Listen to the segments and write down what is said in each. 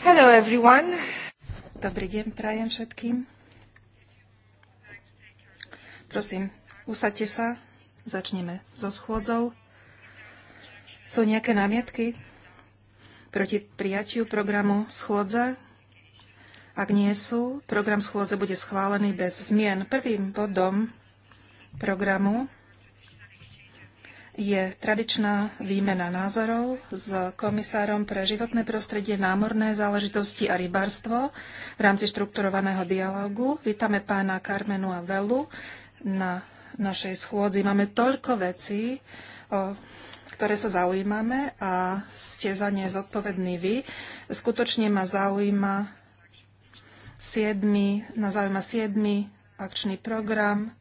Hello everyone. Dobrý deň prajem všetkým. Prosím, usadte sa. Začneme so schôdzou. Sú nejaké námietky proti prijatiu programu schôdze? Ak nie sú, program schôdze bude schválený bez zmien. Prvým bodom programu je tradičná výmena názorov s komisárom pre životné prostredie, námorné záležitosti a rybarstvo v rámci štrukturovaného dialogu. Vítame pána Carmenu a Velu na našej schôdzi. Máme toľko vecí, o ktoré sa zaujímame a ste za ne zodpovední vy. Skutočne ma zaujíma na zaujíma 7 akčný program,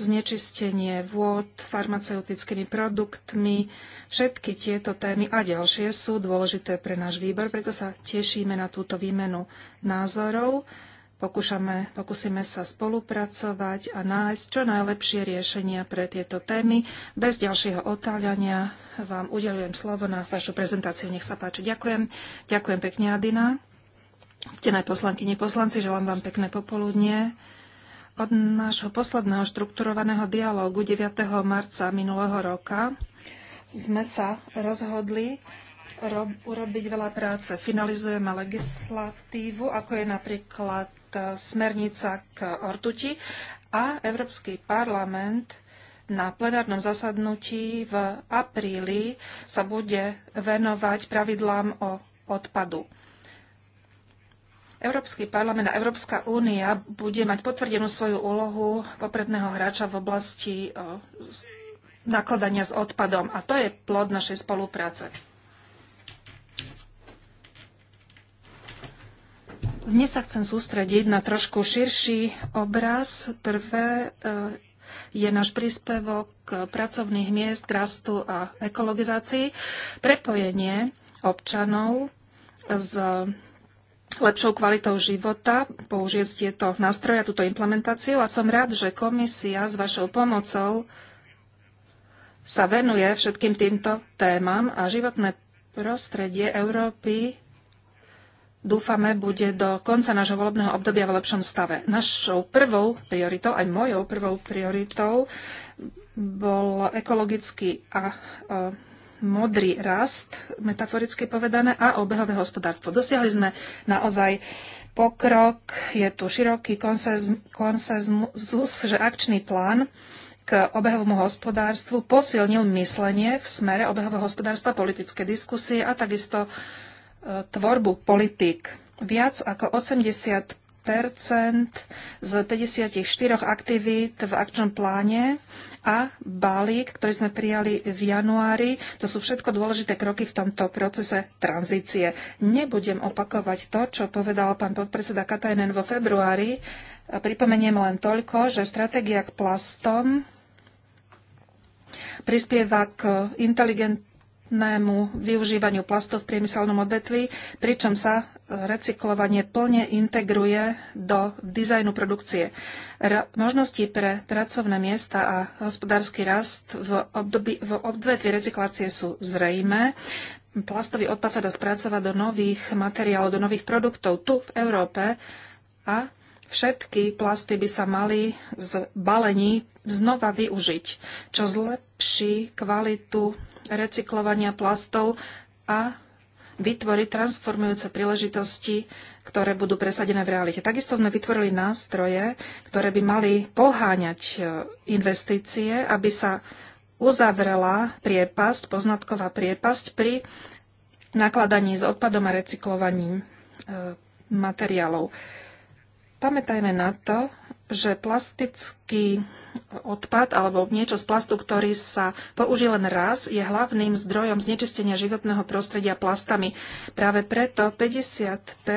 znečistenie vôd, farmaceutickými produktmi. Všetky tieto témy a ďalšie sú dôležité pre náš výbor, preto sa tešíme na túto výmenu názorov. Pokúšame, pokúsime sa spolupracovať a nájsť čo najlepšie riešenia pre tieto témy. Bez ďalšieho otáľania vám udelujem slovo na vašu prezentáciu. Nech sa páči. Ďakujem. Ďakujem pekne, Adina. Ste najposlankyni poslanci, želám vám pekné popoludnie. Od nášho posledného štrukturovaného dialógu 9. marca minulého roka sme sa rozhodli rob, urobiť veľa práce. Finalizujeme legislatívu, ako je napríklad e, smernica k ortuti a Európsky parlament na plenárnom zasadnutí v apríli sa bude venovať pravidlám o odpadu. Európsky parlament a Európska únia bude mať potvrdenú svoju úlohu popredného hráča v oblasti nakladania s odpadom. A to je plod našej spolupráce. Dnes sa chcem sústrediť na trošku širší obraz. Prvé e, je náš príspevok pracovných miest k rastu a ekologizácii. Prepojenie občanov s lepšou kvalitou života, použiť tieto nástroje a túto implementáciu. A som rád, že komisia s vašou pomocou sa venuje všetkým týmto témam a životné prostredie Európy dúfame, bude do konca nášho volebného obdobia v lepšom stave. Našou prvou prioritou, aj mojou prvou prioritou, bol ekologický a e, modrý rast, metaforicky povedané, a obehové hospodárstvo. Dosiahli sme naozaj pokrok, je tu široký konsenzus, že akčný plán k obehovému hospodárstvu posilnil myslenie v smere obehového hospodárstva, politické diskusie a takisto e, tvorbu politik. Viac ako 80 z 54 aktivít v akčnom pláne a balík, ktorý sme prijali v januári. To sú všetko dôležité kroky v tomto procese tranzície. Nebudem opakovať to, čo povedal pán podpredseda Katajnen vo februári. Pripomeniem len toľko, že stratégia k plastom prispieva k inteligent plnému využívaniu plastov v priemyselnom odvetví, pričom sa e, recyklovanie plne integruje do dizajnu produkcie. Ra- možnosti pre pracovné miesta a hospodársky rast v, období, v odvetví recyklácie sú zrejmé. Plastový odpad sa dá spracovať do nových materiálov, do nových produktov tu v Európe a Všetky plasty by sa mali z balení znova využiť, čo zlepší kvalitu recyklovania plastov a vytvoriť transformujúce príležitosti, ktoré budú presadené v realite. Takisto sme vytvorili nástroje, ktoré by mali poháňať e, investície, aby sa uzavrela priepasť, poznatková priepasť pri nakladaní s odpadom a recyklovaním e, materiálov. Pamätajme na to, že plastický odpad alebo niečo z plastu, ktorý sa použije len raz, je hlavným zdrojom znečistenia životného prostredia plastami. Práve preto 50 e,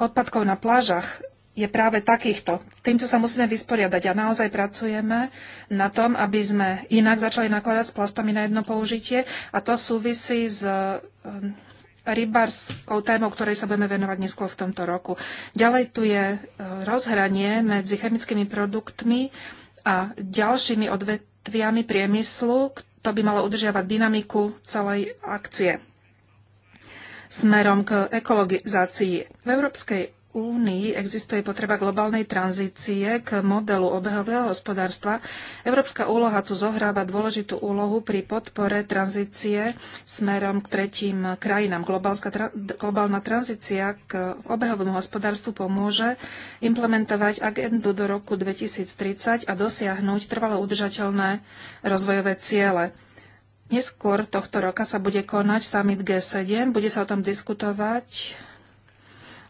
odpadkov na plážach je práve takýchto. Týmto sa musíme vysporiadať a naozaj pracujeme na tom, aby sme inak začali nakladať s plastami na jedno použitie a to súvisí s e, rybárskou témou, ktorej sa budeme venovať neskôr v tomto roku. Ďalej tu je e, rozhranie medzi chemickými produktmi a ďalšími odvetviami priemyslu. To by malo udržiavať dynamiku celej akcie smerom k ekologizácii. V Európskej únii existuje potreba globálnej tranzície k modelu obehového hospodárstva. Európska úloha tu zohráva dôležitú úlohu pri podpore tranzície smerom k tretím krajinám. Tra globálna tranzícia k obehovému hospodárstvu pomôže implementovať agendu do roku 2030 a dosiahnuť trvalo udržateľné rozvojové ciele. Neskôr tohto roka sa bude konať summit G7, bude sa o tom diskutovať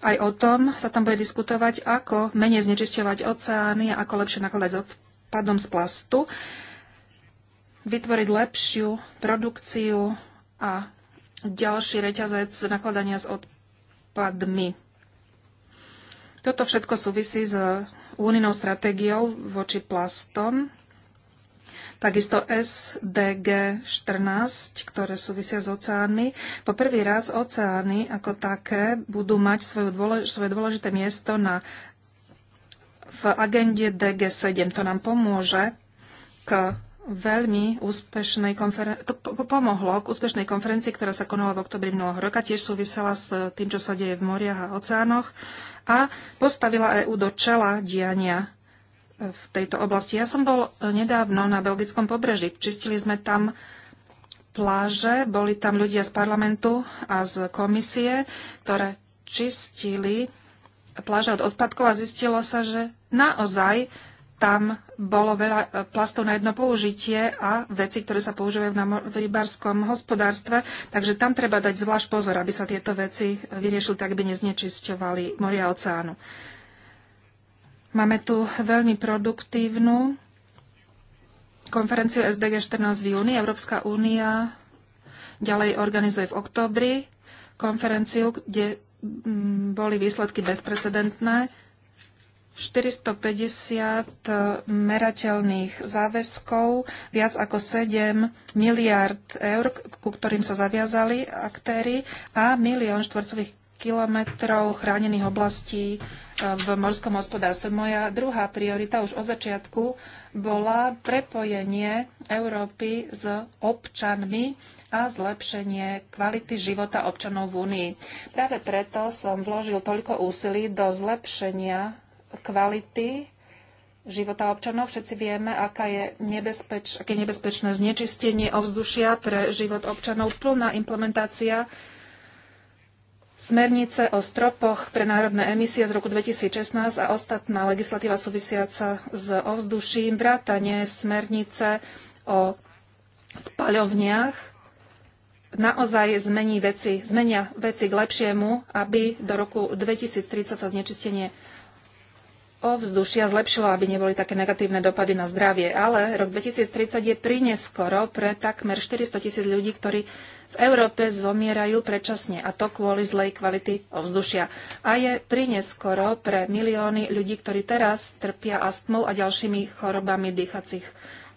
aj o tom sa tam bude diskutovať, ako menej znečisťovať oceány a ako lepšie nakladať s odpadom z plastu, vytvoriť lepšiu produkciu a ďalší reťazec nakladania s odpadmi. Toto všetko súvisí s úninou stratégiou voči plastom. Takisto SDG 14, ktoré súvisia s oceánmi. Po prvý raz oceány ako také budú mať dôlež- svoje dôležité miesto na, v agende DG7. To nám pomôže k veľmi úspešnej konferencii, to pomohlo k úspešnej konferencii, ktorá sa konala v oktobri minulého roka, tiež súvisela s tým, čo sa deje v moriach a oceánoch a postavila EÚ do čela diania v tejto oblasti. Ja som bol nedávno na belgickom pobreží. Čistili sme tam pláže, boli tam ľudia z parlamentu a z komisie, ktoré čistili pláže od odpadkov a zistilo sa, že naozaj tam bolo veľa plastov na jedno použitie a veci, ktoré sa používajú v rybárskom hospodárstve. Takže tam treba dať zvlášť pozor, aby sa tieto veci vyriešili, tak by neznečisťovali moria a oceánu. Máme tu veľmi produktívnu konferenciu SDG 14 v júni. Európska únia ďalej organizuje v oktobri konferenciu, kde mm, boli výsledky bezprecedentné. 450 e, merateľných záväzkov, viac ako 7 miliard eur, ku ktorým sa zaviazali aktéry a milión štvorcových kilometrov chránených oblastí e, v morskom hospodárstve. Moja druhá priorita už od začiatku bola prepojenie Európy s občanmi a zlepšenie kvality života občanov v Únii. Práve preto som vložil toľko úsilí do zlepšenia kvality života občanov. Všetci vieme, aká je nebezpeč, aké nebezpečné znečistenie ovzdušia pre život občanov. Plná implementácia Smernice o stropoch pre národné emisie z roku 2016 a ostatná legislatíva súvisiaca s ovzduším, vrátanie smernice o spaľovniach, naozaj zmení veci, zmenia veci k lepšiemu, aby do roku 2030 sa znečistenie ovzdušia zlepšilo, aby neboli také negatívne dopady na zdravie. Ale rok 2030 je prineskoro pre takmer 400 tisíc ľudí, ktorí v Európe zomierajú predčasne a to kvôli zlej kvality ovzdušia. A je prineskoro pre milióny ľudí, ktorí teraz trpia astmou a ďalšími chorobami dýchacích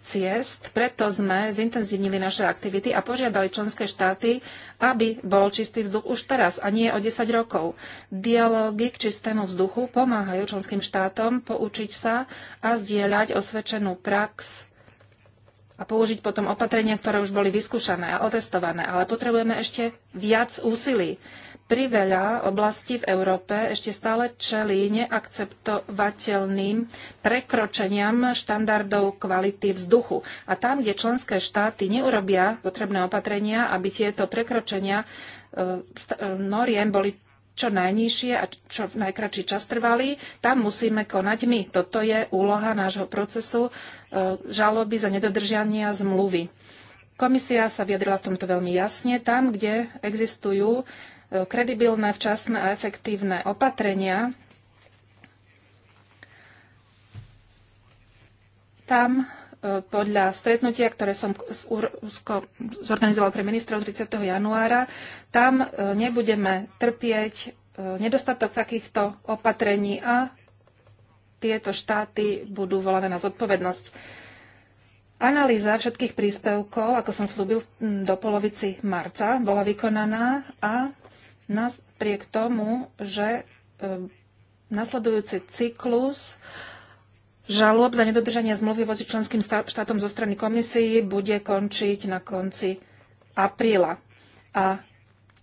ciest, preto sme zintenzívnili naše aktivity a požiadali členské štáty, aby bol čistý vzduch už teraz a nie o 10 rokov. Dialógy k čistému vzduchu pomáhajú členským štátom poučiť sa a zdieľať osvedčenú prax a použiť potom opatrenia, ktoré už boli vyskúšané a otestované. Ale potrebujeme ešte viac úsilí priveľa oblastí v Európe ešte stále čelí neakceptovateľným prekročeniam štandardov kvality vzduchu. A tam, kde členské štáty neurobia potrebné opatrenia, aby tieto prekročenia e, e, noriem boli čo najnižšie a čo v najkračší čas trvali, tam musíme konať my. Toto je úloha nášho procesu e, žaloby za nedodržania zmluvy. Komisia sa vyjadrila v tomto veľmi jasne. Tam, kde existujú kredibilné, včasné a efektívne opatrenia, tam e, podľa stretnutia, ktoré som zorganizoval pre ministrov 30. januára, tam e, nebudeme trpieť e, nedostatok takýchto opatrení a tieto štáty budú volané na zodpovednosť. Analýza všetkých príspevkov, ako som slúbil do polovici marca, bola vykonaná a napriek tomu, že e, nasledujúci cyklus žalob za nedodržanie zmluvy voči členským štátom zo strany komisii bude končiť na konci apríla. A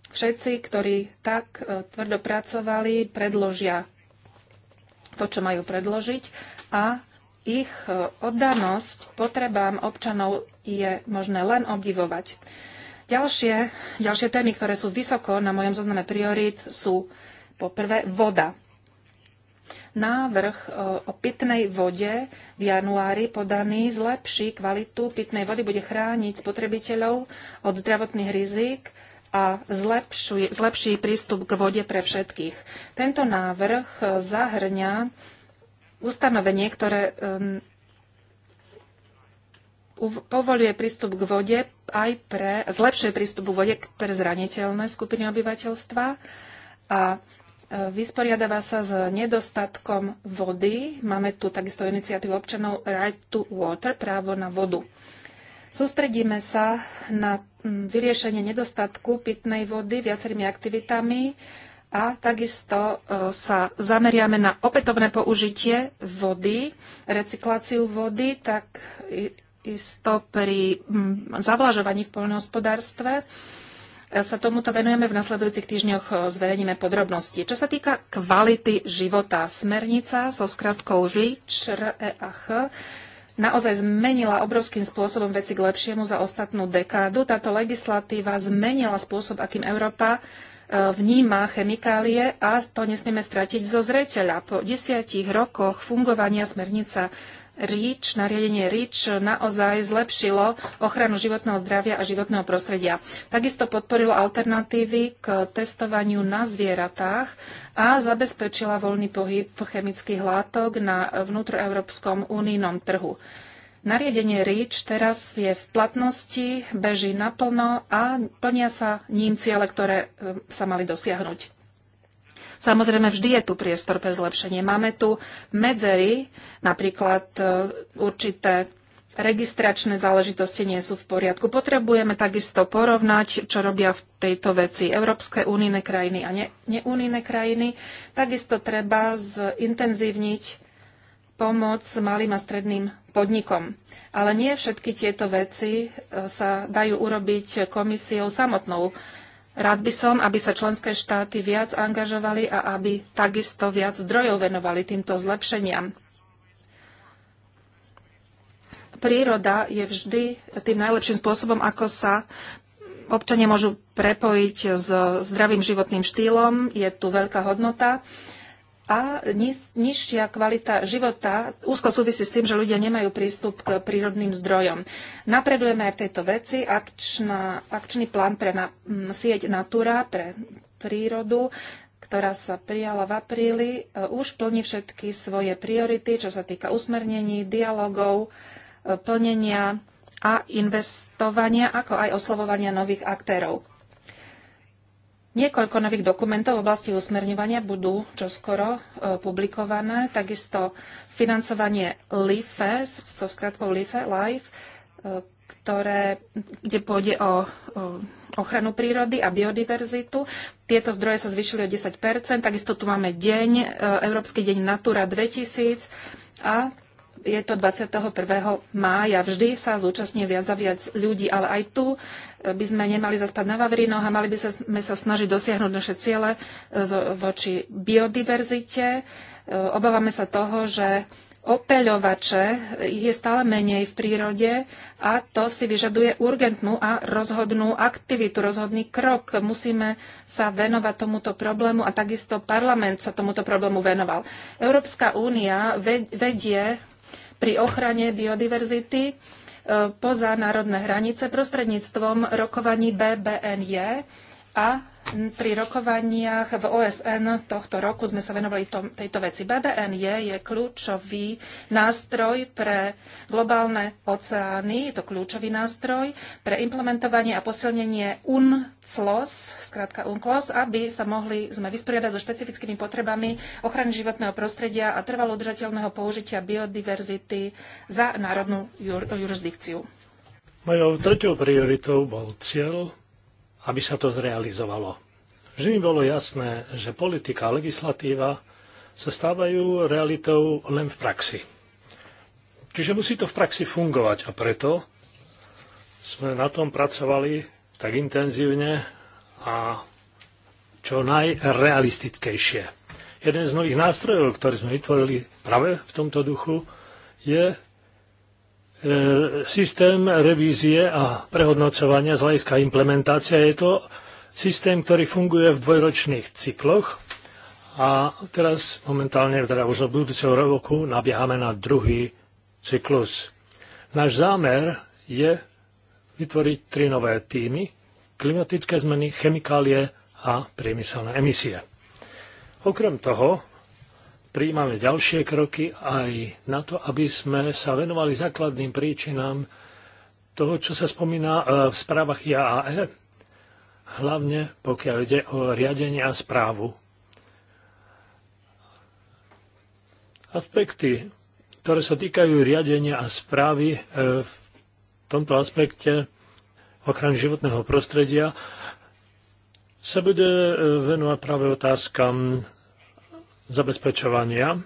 všetci, ktorí tak e, tvrdo pracovali, predložia to, čo majú predložiť a ich e, oddanosť potrebám občanov je možné len obdivovať. Ďalšie, ďalšie témy, ktoré sú vysoko na mojom zozname priorít, sú poprvé voda. Návrh e, o pitnej vode v januári podaný zlepší kvalitu pitnej vody, bude chrániť spotrebiteľov od zdravotných rizik a zlepšuje, zlepší prístup k vode pre všetkých. Tento návrh e, zahrňa ustanovenie, ktoré povoluje prístup k vode aj pre, zlepšuje prístup k vode pre zraniteľné skupiny obyvateľstva a e, vysporiadáva sa s nedostatkom vody. Máme tu takisto iniciatívu občanov Right to Water, právo na vodu. Sústredíme sa na vyriešenie nedostatku pitnej vody viacerými aktivitami a takisto e, sa zameriame na opätovné použitie vody, recykláciu vody, tak takisto pri mm, zavlažovaní v poľnohospodárstve e, sa tomuto venujeme v nasledujúcich týždňoch, e, zverejníme podrobnosti. Čo sa týka kvality života, smernica so skratkou ŽIČ, e H, naozaj zmenila obrovským spôsobom veci k lepšiemu za ostatnú dekádu. Táto legislatíva zmenila spôsob, akým Európa vníma chemikálie a to nesmieme stratiť zo zreteľa. Po desiatich rokoch fungovania smernica REACH, nariadenie REACH naozaj zlepšilo ochranu životného zdravia a životného prostredia. Takisto podporilo alternatívy k testovaniu na zvieratách a zabezpečila voľný pohyb chemických látok na vnútroeurópskom unijnom trhu. Nariadenie REACH teraz je v platnosti, beží naplno a plnia sa ním ciele, ktoré e, sa mali dosiahnuť. Samozrejme, vždy je tu priestor pre zlepšenie. Máme tu medzery, napríklad e, určité registračné záležitosti nie sú v poriadku. Potrebujeme takisto porovnať, čo robia v tejto veci európske unijné krajiny a ne, neunijné krajiny. Takisto treba zintenzívniť pomoc malým a stredným podnikom. Ale nie všetky tieto veci e, sa dajú urobiť komisiou samotnou. Rád by som, aby sa členské štáty viac angažovali a aby takisto viac zdrojov venovali týmto zlepšeniam. Príroda je vždy tým najlepším spôsobom, ako sa občania môžu prepojiť s zdravým životným štýlom. Je tu veľká hodnota a niž, nižšia kvalita života úzko súvisí s tým, že ľudia nemajú prístup k prírodným zdrojom. Napredujeme aj v tejto veci. Akčná, akčný plán pre na, sieť Natura, pre prírodu, ktorá sa prijala v apríli, e, už plní všetky svoje priority, čo sa týka usmernení, dialogov, e, plnenia a investovania, ako aj oslovovania nových aktérov. Niekoľko nových dokumentov v oblasti usmerňovania budú čoskoro e, publikované. Takisto financovanie LIFE, so skratkou LIFE, LIFE, e, ktoré, kde pôjde o, o ochranu prírody a biodiverzitu. Tieto zdroje sa zvyšili o 10 Takisto tu máme deň, e, Európsky deň Natura 2000 a je to 21. mája. Vždy sa zúčastní viac a viac ľudí, ale aj tu eh, by sme nemali zaspať na Vavrinoch a mali by sme sa snažiť dosiahnuť naše ciele eh, voči biodiverzite. Eh, obávame sa toho, že opeľovače je stále menej v prírode a to si vyžaduje urgentnú a rozhodnú aktivitu, rozhodný krok. Musíme sa venovať tomuto problému a takisto parlament sa tomuto problému venoval. Európska únia vedie pri ochrane biodiverzity e, poza národné hranice prostredníctvom rokovaní BBNJ a pri rokovaniach v OSN tohto roku sme sa venovali tom, tejto veci. BBN je, je kľúčový nástroj pre globálne oceány, je to kľúčový nástroj pre implementovanie a posilnenie UNCLOS, skrátka UNCLOS, aby sa mohli sme vysporiadať so špecifickými potrebami ochrany životného prostredia a trvalo udržateľného použitia biodiverzity za národnú jur, jurisdikciu. Mojou treťou prioritou bol cieľ aby sa to zrealizovalo. Vždy mi bolo jasné, že politika a legislatíva sa stávajú realitou len v praxi. Čiže musí to v praxi fungovať a preto sme na tom pracovali tak intenzívne a čo najrealistickejšie. Jeden z nových nástrojov, ktorý sme vytvorili práve v tomto duchu, je E, systém revízie a prehodnocovania z hľadiska implementácia je to systém, ktorý funguje v dvojročných cykloch a teraz momentálne, teda už od budúceho roku, nabiehame na druhý cyklus. Náš zámer je vytvoriť tri nové týmy, klimatické zmeny, chemikálie a priemyselné emisie. Okrem toho prijímame ďalšie kroky aj na to, aby sme sa venovali základným príčinám toho, čo sa spomína e, v správach IAE, hlavne pokiaľ ide o riadenie a správu. Aspekty, ktoré sa týkajú riadenia a správy e, v tomto aspekte ochrany životného prostredia, sa bude e, venovať práve otázkam zabezpečovania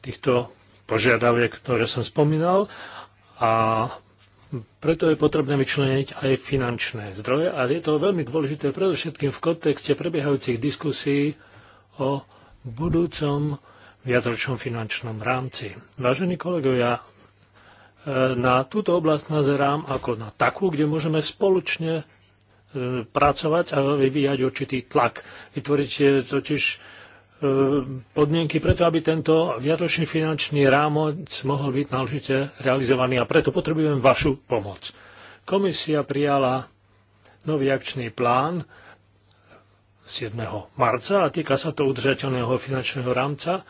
týchto požiadaviek, ktoré som spomínal a preto je potrebné vyčleniť aj finančné zdroje a je to veľmi dôležité predovšetkým v kontexte prebiehajúcich diskusí o budúcom viacročnom finančnom rámci. Vážení kolegovia, e, na túto oblasť nazerám ako na takú, kde môžeme spoločne e, pracovať a vyvíjať určitý tlak. Vytvoriť totiž E, podmienky preto, aby tento viatočný finančný rámoc mohol byť náležite realizovaný a preto potrebujem vašu pomoc. Komisia prijala nový akčný plán 7. marca a týka sa to udržateľného finančného rámca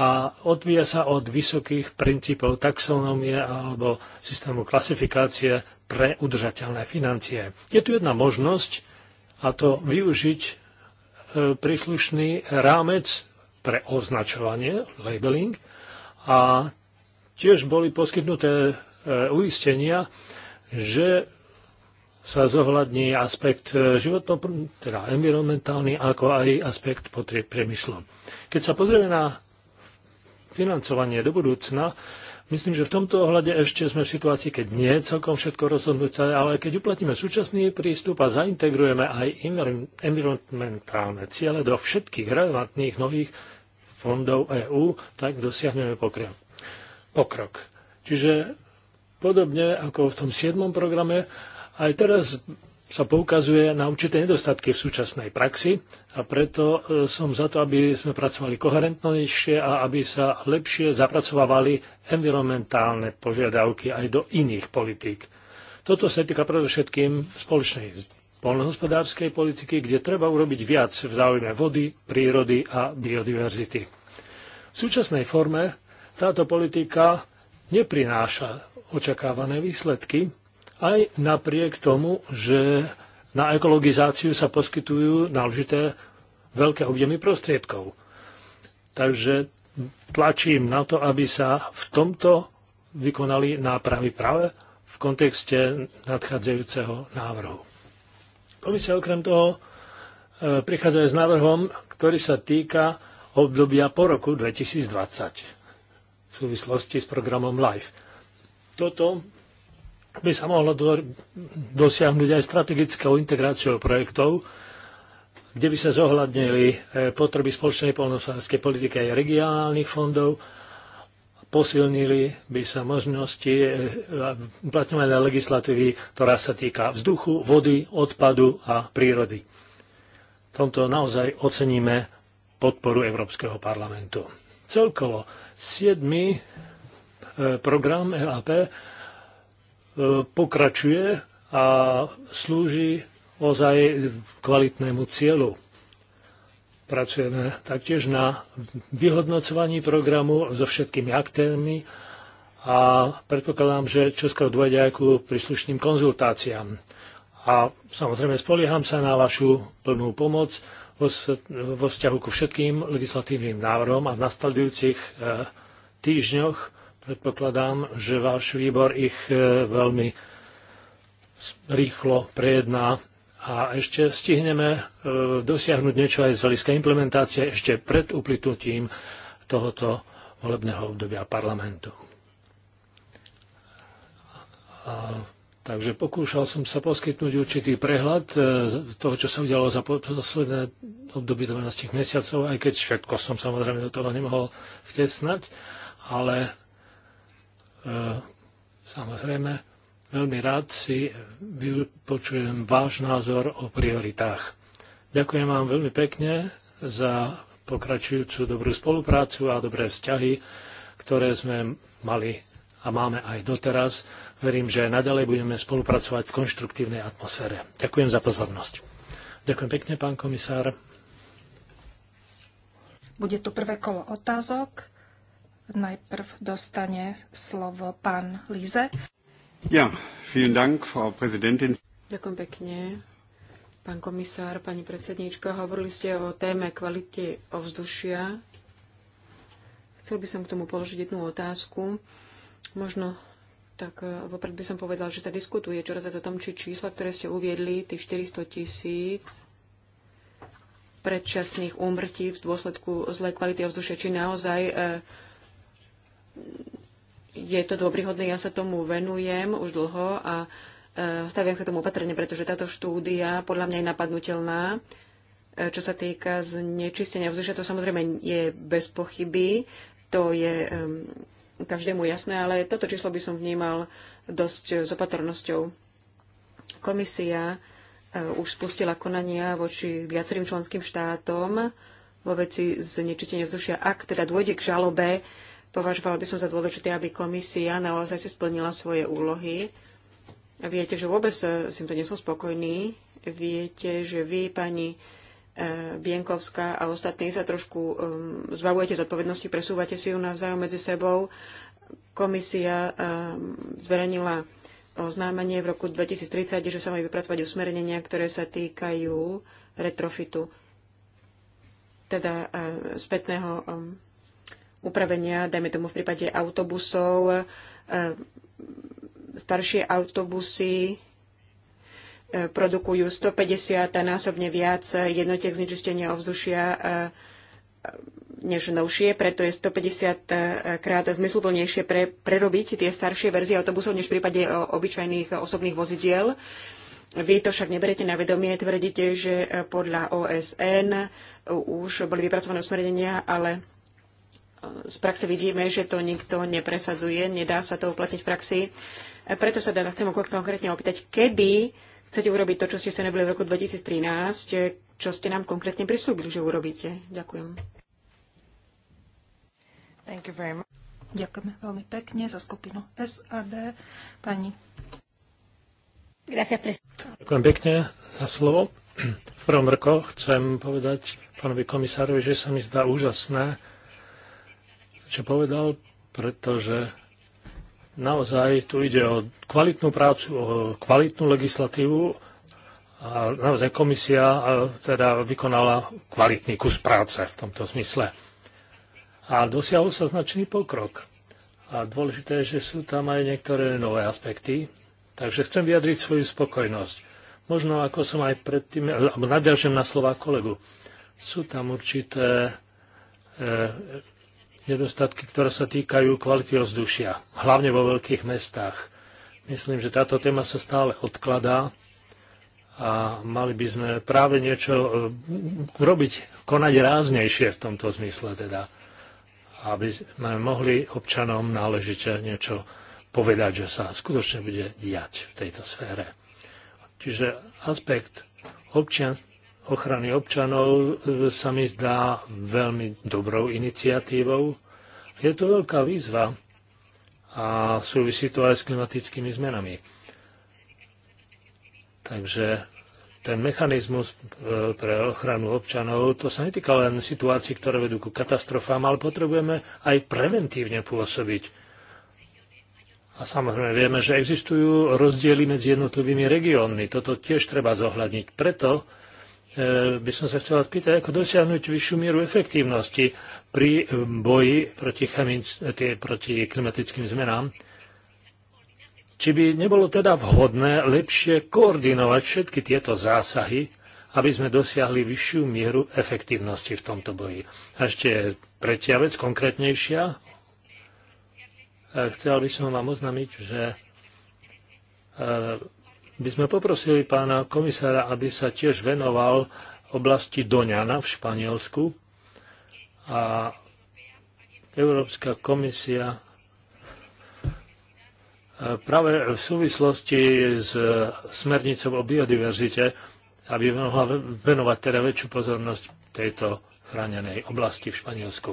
a odvíja sa od vysokých princípov taxonómie alebo systému klasifikácie pre udržateľné financie. Je tu jedna možnosť a to využiť E, príslušný rámec pre označovanie, labeling, a tiež boli poskytnuté e, uistenia, že sa zohľadní aspekt e, životno, teda environmentálny, ako aj aspekt potrieb priemyslu. Keď sa pozrieme na financovanie do budúcna, Myslím, že v tomto ohľade ešte sme v situácii, keď nie je celkom všetko rozhodnuté, ale keď uplatníme súčasný prístup a zaintegrujeme aj environmentálne ciele do všetkých relevantných nových fondov EÚ, tak dosiahneme pokrok. pokrok. Čiže podobne ako v tom 7. programe, aj teraz sa poukazuje na určité nedostatky v súčasnej praxi a preto e, som za to, aby sme pracovali koherentnejšie a aby sa lepšie zapracovávali environmentálne požiadavky aj do iných politík. Toto sa týka predovšetkým spoločnej poľnohospodárskej politiky, kde treba urobiť viac v záujme vody, prírody a biodiverzity. V súčasnej forme táto politika neprináša očakávané výsledky, aj napriek tomu, že na ekologizáciu sa poskytujú náležité veľké objemy prostriedkov. Takže tlačím na to, aby sa v tomto vykonali nápravy práve v kontexte nadchádzajúceho návrhu. Komisia okrem toho e, prichádza s návrhom, ktorý sa týka obdobia po roku 2020 v súvislosti s programom LIFE. Toto by sa mohlo do, dosiahnuť aj strategickou integráciou projektov, kde by sa zohľadnili e, potreby spoločnej polnospodárskej politiky aj regionálnych fondov, posilnili by sa možnosti e, uplatňovania legislatívy, ktorá sa týka vzduchu, vody, odpadu a prírody. V tomto naozaj oceníme podporu Európskeho parlamentu. Celkovo 7. E, program EAP E, pokračuje a slúži ozaj kvalitnému cieľu. Pracujeme taktiež na vyhodnocovaní programu so všetkými aktérmi a predpokladám, že čoskoro dôjde aj ku príslušným konzultáciám. A samozrejme spolieham sa na vašu plnú pomoc vo vzťahu ku všetkým legislatívnym návrhom a v nasledujúcich e, týždňoch Predpokladám, že váš výbor ich e, veľmi rýchlo prejedná a ešte stihneme e, dosiahnuť niečo aj z hľadiska implementácie ešte pred uplitnutím tohoto volebného obdobia parlamentu. A, takže pokúšal som sa poskytnúť určitý prehľad e, toho, čo sa udialo za posledné obdobie 12 mesiacov, aj keď všetko som samozrejme do toho nemohol vtesnať, ale E, samozrejme, veľmi rád si vypočujem váš názor o prioritách. Ďakujem vám veľmi pekne za pokračujúcu dobrú spoluprácu a dobré vzťahy, ktoré sme mali a máme aj doteraz. Verím, že naďalej budeme spolupracovať v konštruktívnej atmosfére. Ďakujem za pozornosť. Ďakujem pekne, pán komisár. Bude to prvé kolo otázok. Najprv dostane slovo pán Líze. Ja, vielen Dank, Frau Präsidentin. Ďakujem pekne. Pán komisár, pani predsedníčka, hovorili ste o téme kvality ovzdušia. Chcel by som k tomu položiť jednu otázku. Možno tak eh, vopred by som povedal, že sa diskutuje čoraz o tom, či čísla, ktoré ste uviedli, tých 400 tisíc predčasných úmrtí v dôsledku zlej kvality ovzdušia, či naozaj e, je to dôbryhodné, ja sa tomu venujem už dlho a e, staviam sa tomu opatrne, pretože táto štúdia podľa mňa je napadnutelná. E, čo sa týka znečistenia vzdušia, to samozrejme je bez pochyby, to je e, každému jasné, ale toto číslo by som vnímal dosť s opatrnosťou. Komisia už spustila konania voči viacerým členským štátom vo veci znečistenia vzdušia, ak teda dôjde k žalobe Považovala by som za dôležité, aby komisia naozaj si splnila svoje úlohy. Viete, že vôbec e, s týmto nesom spokojný. Viete, že vy, pani e, Bienkovská a ostatní sa trošku um, zbavujete zodpovednosti, presúvate si ju navzájom medzi sebou. Komisia um, zverejnila oznámenie v roku 2030, že sa majú vypracovať usmernenia, ktoré sa týkajú retrofitu, teda um, spätného um, upravenia, dajme tomu v prípade autobusov, e, staršie autobusy e, produkujú 150 a násobne viac jednotiek znečistenia ovzdušia e, než novšie, preto je 150 krát zmysluplnejšie pre, prerobiť tie staršie verzie autobusov než v prípade obyčajných osobných vozidiel. Vy to však neberete na vedomie, tvrdíte, že podľa OSN už boli vypracované usmernenia, ale z praxe vidíme, že to nikto nepresadzuje, nedá sa to uplatniť v praxi. Preto sa teda chcem konkrétne opýtať, kedy chcete urobiť to, čo ste neboli v roku 2013, čo ste nám konkrétne prislúbili, že urobíte. Ďakujem. Thank you very much. Ďakujeme veľmi pekne za skupinu SAD. Pani. Ďakujem pekne za slovo. V prvom roku chcem povedať pánovi komisárovi, že sa mi zdá úžasné, čo povedal, pretože naozaj tu ide o kvalitnú prácu, o kvalitnú legislatívu a naozaj komisia teda vykonala kvalitný kus práce v tomto zmysle. A dosiahol sa značný pokrok. A dôležité je, že sú tam aj niektoré nové aspekty. Takže chcem vyjadriť svoju spokojnosť. Možno, ako som aj predtým, nadiažem na slova kolegu. Sú tam určité e, nedostatky, ktoré sa týkajú kvality rozdušia, hlavne vo veľkých mestách. Myslím, že táto téma sa stále odkladá a mali by sme práve niečo e, robiť, konať ráznejšie v tomto zmysle teda, aby sme mohli občanom náležite niečo povedať, že sa skutočne bude diať v tejto sfére. Čiže aspekt občianstva ochrany občanov e, sa mi zdá veľmi dobrou iniciatívou. Je to veľká výzva a súvisí to aj s klimatickými zmenami. Takže ten mechanizmus e, pre ochranu občanov, to sa netýka len situácií, ktoré vedú ku katastrofám, ale potrebujeme aj preventívne pôsobiť. A samozrejme vieme, že existujú rozdiely medzi jednotlivými regiónmi. Toto tiež treba zohľadniť. Preto Eh, by som sa chcela spýtať, ako dosiahnuť vyššiu mieru efektívnosti pri eh, boji proti, chemic, eh, proti klimatickým zmenám. Či by nebolo teda vhodné lepšie koordinovať všetky tieto zásahy, aby sme dosiahli vyššiu mieru efektívnosti v tomto boji. A ešte tretia vec, konkrétnejšia. Chcel by som vám oznámiť, že by sme poprosili pána komisára, aby sa tiež venoval oblasti Doňana v Španielsku a Európska komisia e, práve v súvislosti s smernicou o biodiverzite, aby mohla venovať teda väčšiu pozornosť tejto chránenej oblasti v Španielsku.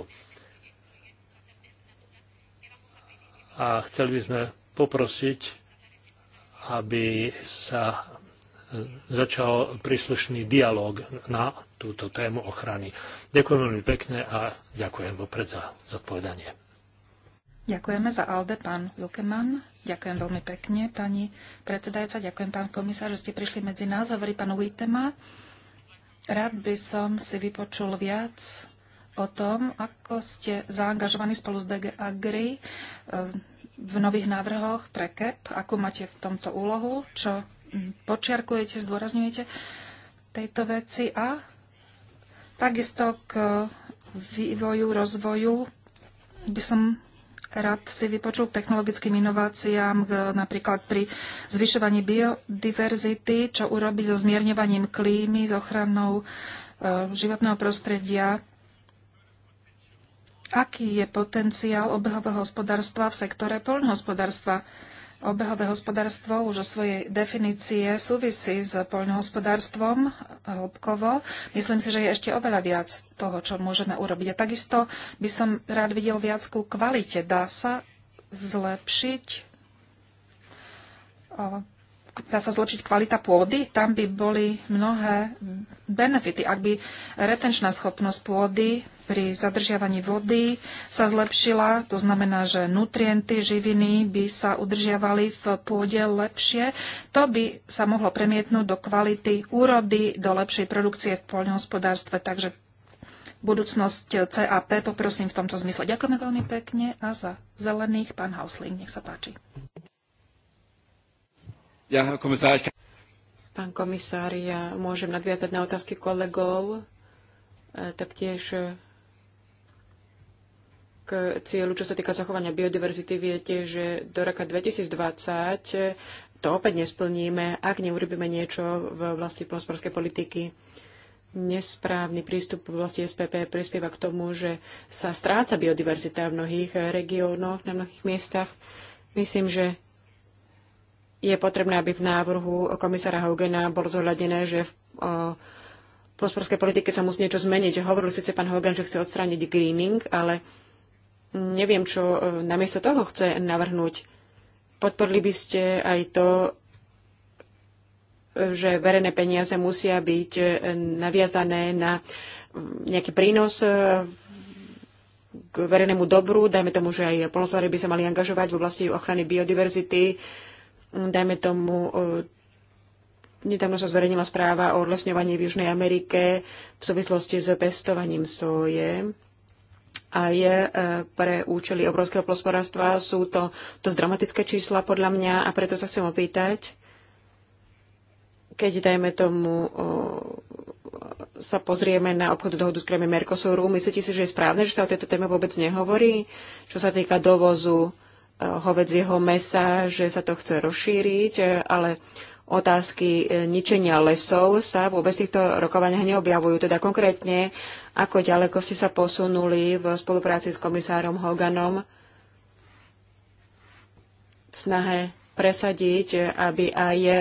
A chceli by sme poprosiť aby sa e, začal príslušný dialog na túto tému ochrany. Ďakujem veľmi pekne a ďakujem vopred za zodpovedanie. Ďakujeme za Alde, pán Wilkeman. Ďakujem veľmi pekne, pani predsedajca. Ďakujem, pán komisár, že ste prišli medzi nás. Hovorí pán Uitema. Rád by som si vypočul viac o tom, ako ste zaangažovaní spolu s DG Agri e, v nových návrhoch pre KEP, akú máte v tomto úlohu, čo mm, počiarkujete, zdôrazňujete tejto veci a takisto k vývoju, rozvoju by som rád si vypočul technologickým inováciám, napríklad pri zvyšovaní biodiverzity, čo urobiť so zmierňovaním klímy, s ochranou e, životného prostredia, Aký je potenciál obehového hospodárstva v sektore poľnohospodárstva? Obehové hospodárstvo už o svojej definície súvisí s poľnohospodárstvom hĺbkovo. Myslím si, že je ešte oveľa viac toho, čo môžeme urobiť. A takisto by som rád videl viac ku kvalite. Dá sa zlepšiť dá sa zlepšiť kvalita pôdy, tam by boli mnohé benefity. Ak by retenčná schopnosť pôdy pri zadržiavaní vody sa zlepšila, to znamená, že nutrienty, živiny by sa udržiavali v pôde lepšie. To by sa mohlo premietnúť do kvality úrody, do lepšej produkcie v poľnohospodárstve, takže budúcnosť CAP poprosím v tomto zmysle. Ďakujeme veľmi pekne a za zelených pán Hausling, nech sa páči. Ja, komisárka. Pán komisár, ja môžem nadviazať na otázky kolegov e, taktiež e, k cieľu, čo sa týka zachovania biodiverzity, viete, že do roka 2020 to opäť nesplníme, ak neurobíme niečo v oblasti plnospodárskej politiky. Nesprávny prístup v oblasti SPP prispieva k tomu, že sa stráca biodiverzita v mnohých regiónoch, na mnohých miestach. Myslím, že je potrebné, aby v návrhu komisára Haugena bolo zohľadené, že v plnospodárskej politike sa musí niečo zmeniť. Hovoril síce pán Haugen, že chce odstrániť greening, ale neviem, čo e, namiesto toho chce navrhnúť. Podporili by ste aj to, že verejné peniaze musia byť e, naviazané na mm, nejaký prínos e, k verejnému dobru, dajme tomu, že aj polnospodári by sa mali angažovať v oblasti ochrany biodiverzity, dajme tomu, nedávno sa zverejnila správa o odlesňovaní v Južnej Amerike v súvislosti s pestovaním soje. A je e, pre účely obrovského plosporárstva. Sú to dosť dramatické čísla podľa mňa a preto sa chcem opýtať, keď dajme tomu sa pozrieme na obchod dohodu s krajmi Mercosuru, myslíte si, že je správne, že sa o tejto téme vôbec nehovorí, čo sa týka dovozu e, hovedzieho mesa, že sa to chce rozšíriť, e, ale otázky e, ničenia lesov sa vôbec v týchto rokovaniach neobjavujú. Teda konkrétne, ako ďaleko ste sa posunuli v spolupráci s komisárom Hoganom v snahe presadiť, aby aj e,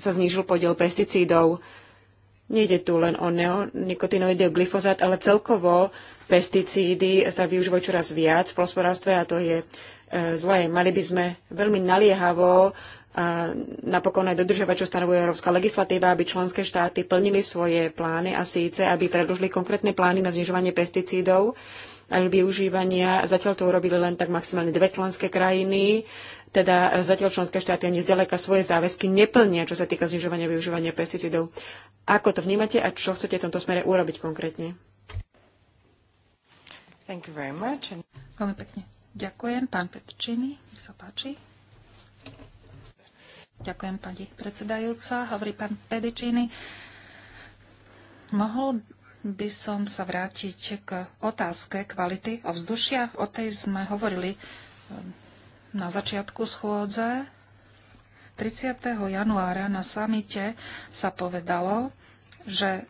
sa znížil podiel pesticídov. Nejde tu len o neonikotinoidy, glyfozát, ale celkovo pesticídy sa využívajú čoraz viac v hospodárstve a to je e, zlé. Mali by sme veľmi naliehavo a napokon aj dodržovať, čo stanovuje európska legislatíva, aby členské štáty plnili svoje plány a síce, aby predložili konkrétne plány na znižovanie pesticídov a ich využívania. Zatiaľ to urobili len tak maximálne dve členské krajiny, teda zatiaľ členské štáty ani zďaleka svoje záväzky neplnia, čo sa týka znižovania využívania pesticídov. Ako to vnímate a čo chcete v tomto smere urobiť konkrétne? Thank you very much. Veľmi pekne. Ďakujem. Pán Petrčiny, nech sa páči. Ďakujem, pani predsedajúca. Hovorí pán Pedičiny. Mohol by som sa vrátiť k otázke kvality ovzdušia. O tej sme hovorili eh, na začiatku schôdze. 30. januára na samite sa povedalo, že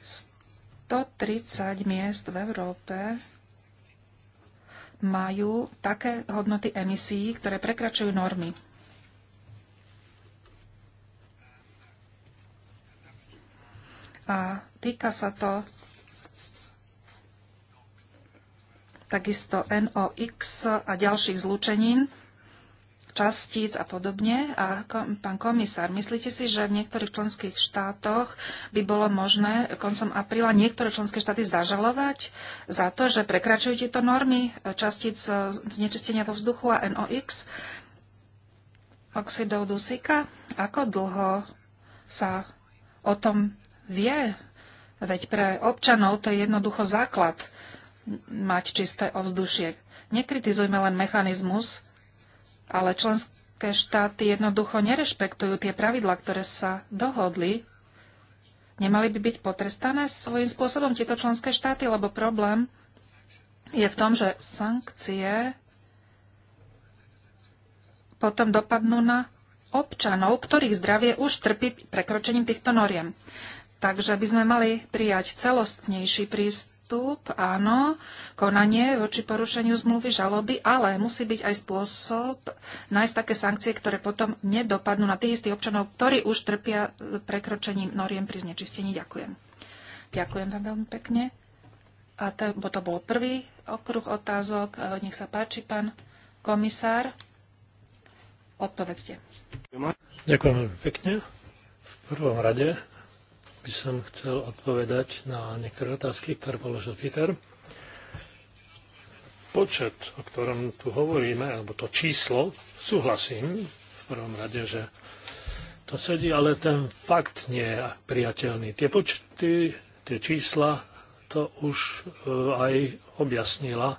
130 miest v Európe majú také hodnoty emisí, ktoré prekračujú normy. a týka sa to takisto NOx a ďalších zlúčenín, častíc a podobne. A kom, pán komisár, myslíte si, že v niektorých členských štátoch by bolo možné koncom apríla niektoré členské štáty zažalovať za to, že prekračujú tieto normy častíc e, znečistenia vo vzduchu a NOx, oxidov dusíka? Ako dlho sa o tom vie, veď pre občanov to je jednoducho základ mať čisté ovzdušie. Nekritizujme len mechanizmus, ale členské štáty jednoducho nerešpektujú tie pravidla, ktoré sa dohodli. Nemali by byť potrestané svojím spôsobom tieto členské štáty, lebo problém je v tom, že sankcie potom dopadnú na občanov, ktorých zdravie už trpí prekročením týchto noriem. Takže by sme mali prijať celostnejší prístup, áno, konanie voči porušeniu zmluvy, žaloby, ale musí byť aj spôsob nájsť také sankcie, ktoré potom nedopadnú na tých istých občanov, ktorí už trpia prekročením noriem pri znečistení. Ďakujem. Ďakujem vám veľmi pekne. A to, bo to bol prvý okruh otázok. E, nech sa páči, pán komisár. Odpovedzte. Ďakujem veľmi pekne. V prvom rade by som chcel odpovedať na niektoré otázky, ktoré položil Peter. Počet, o ktorom tu hovoríme, alebo to číslo, súhlasím v prvom rade, že to sedí, ale ten fakt nie je priateľný. Tie počty, tie čísla, to už e, aj objasnila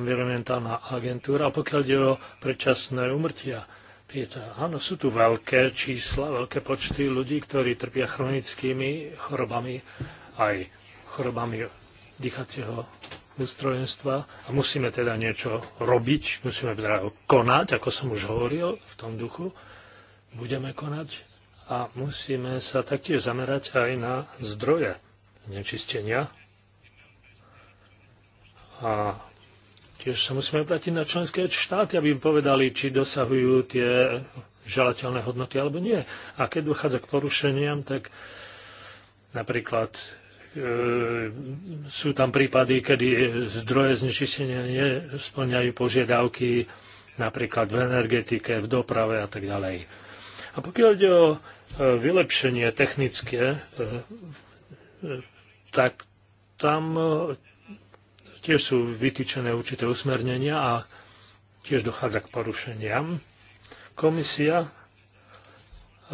environmentálna agentúra, a pokiaľ ide o predčasné umrtia. Áno, sú tu veľké čísla, veľké počty ľudí, ktorí trpia chronickými chorobami, aj chorobami dýchacieho ústrojenstva a musíme teda niečo robiť, musíme teda konať, ako som už hovoril, v tom duchu. Budeme konať a musíme sa taktiež zamerať aj na zdroje nečistenia a Tiež sa musíme obrátiť na členské štáty, aby im povedali, či dosahujú tie želateľné hodnoty alebo nie. A keď dochádza k porušeniam, tak napríklad e, sú tam prípady, kedy zdroje znečistenia nesplňajú požiadavky napríklad v energetike, v doprave a tak ďalej. A pokiaľ ide o e, vylepšenie technické, e, e, tak tam Tiež sú vytýčené určité usmernenia a tiež dochádza k porušeniam. Komisia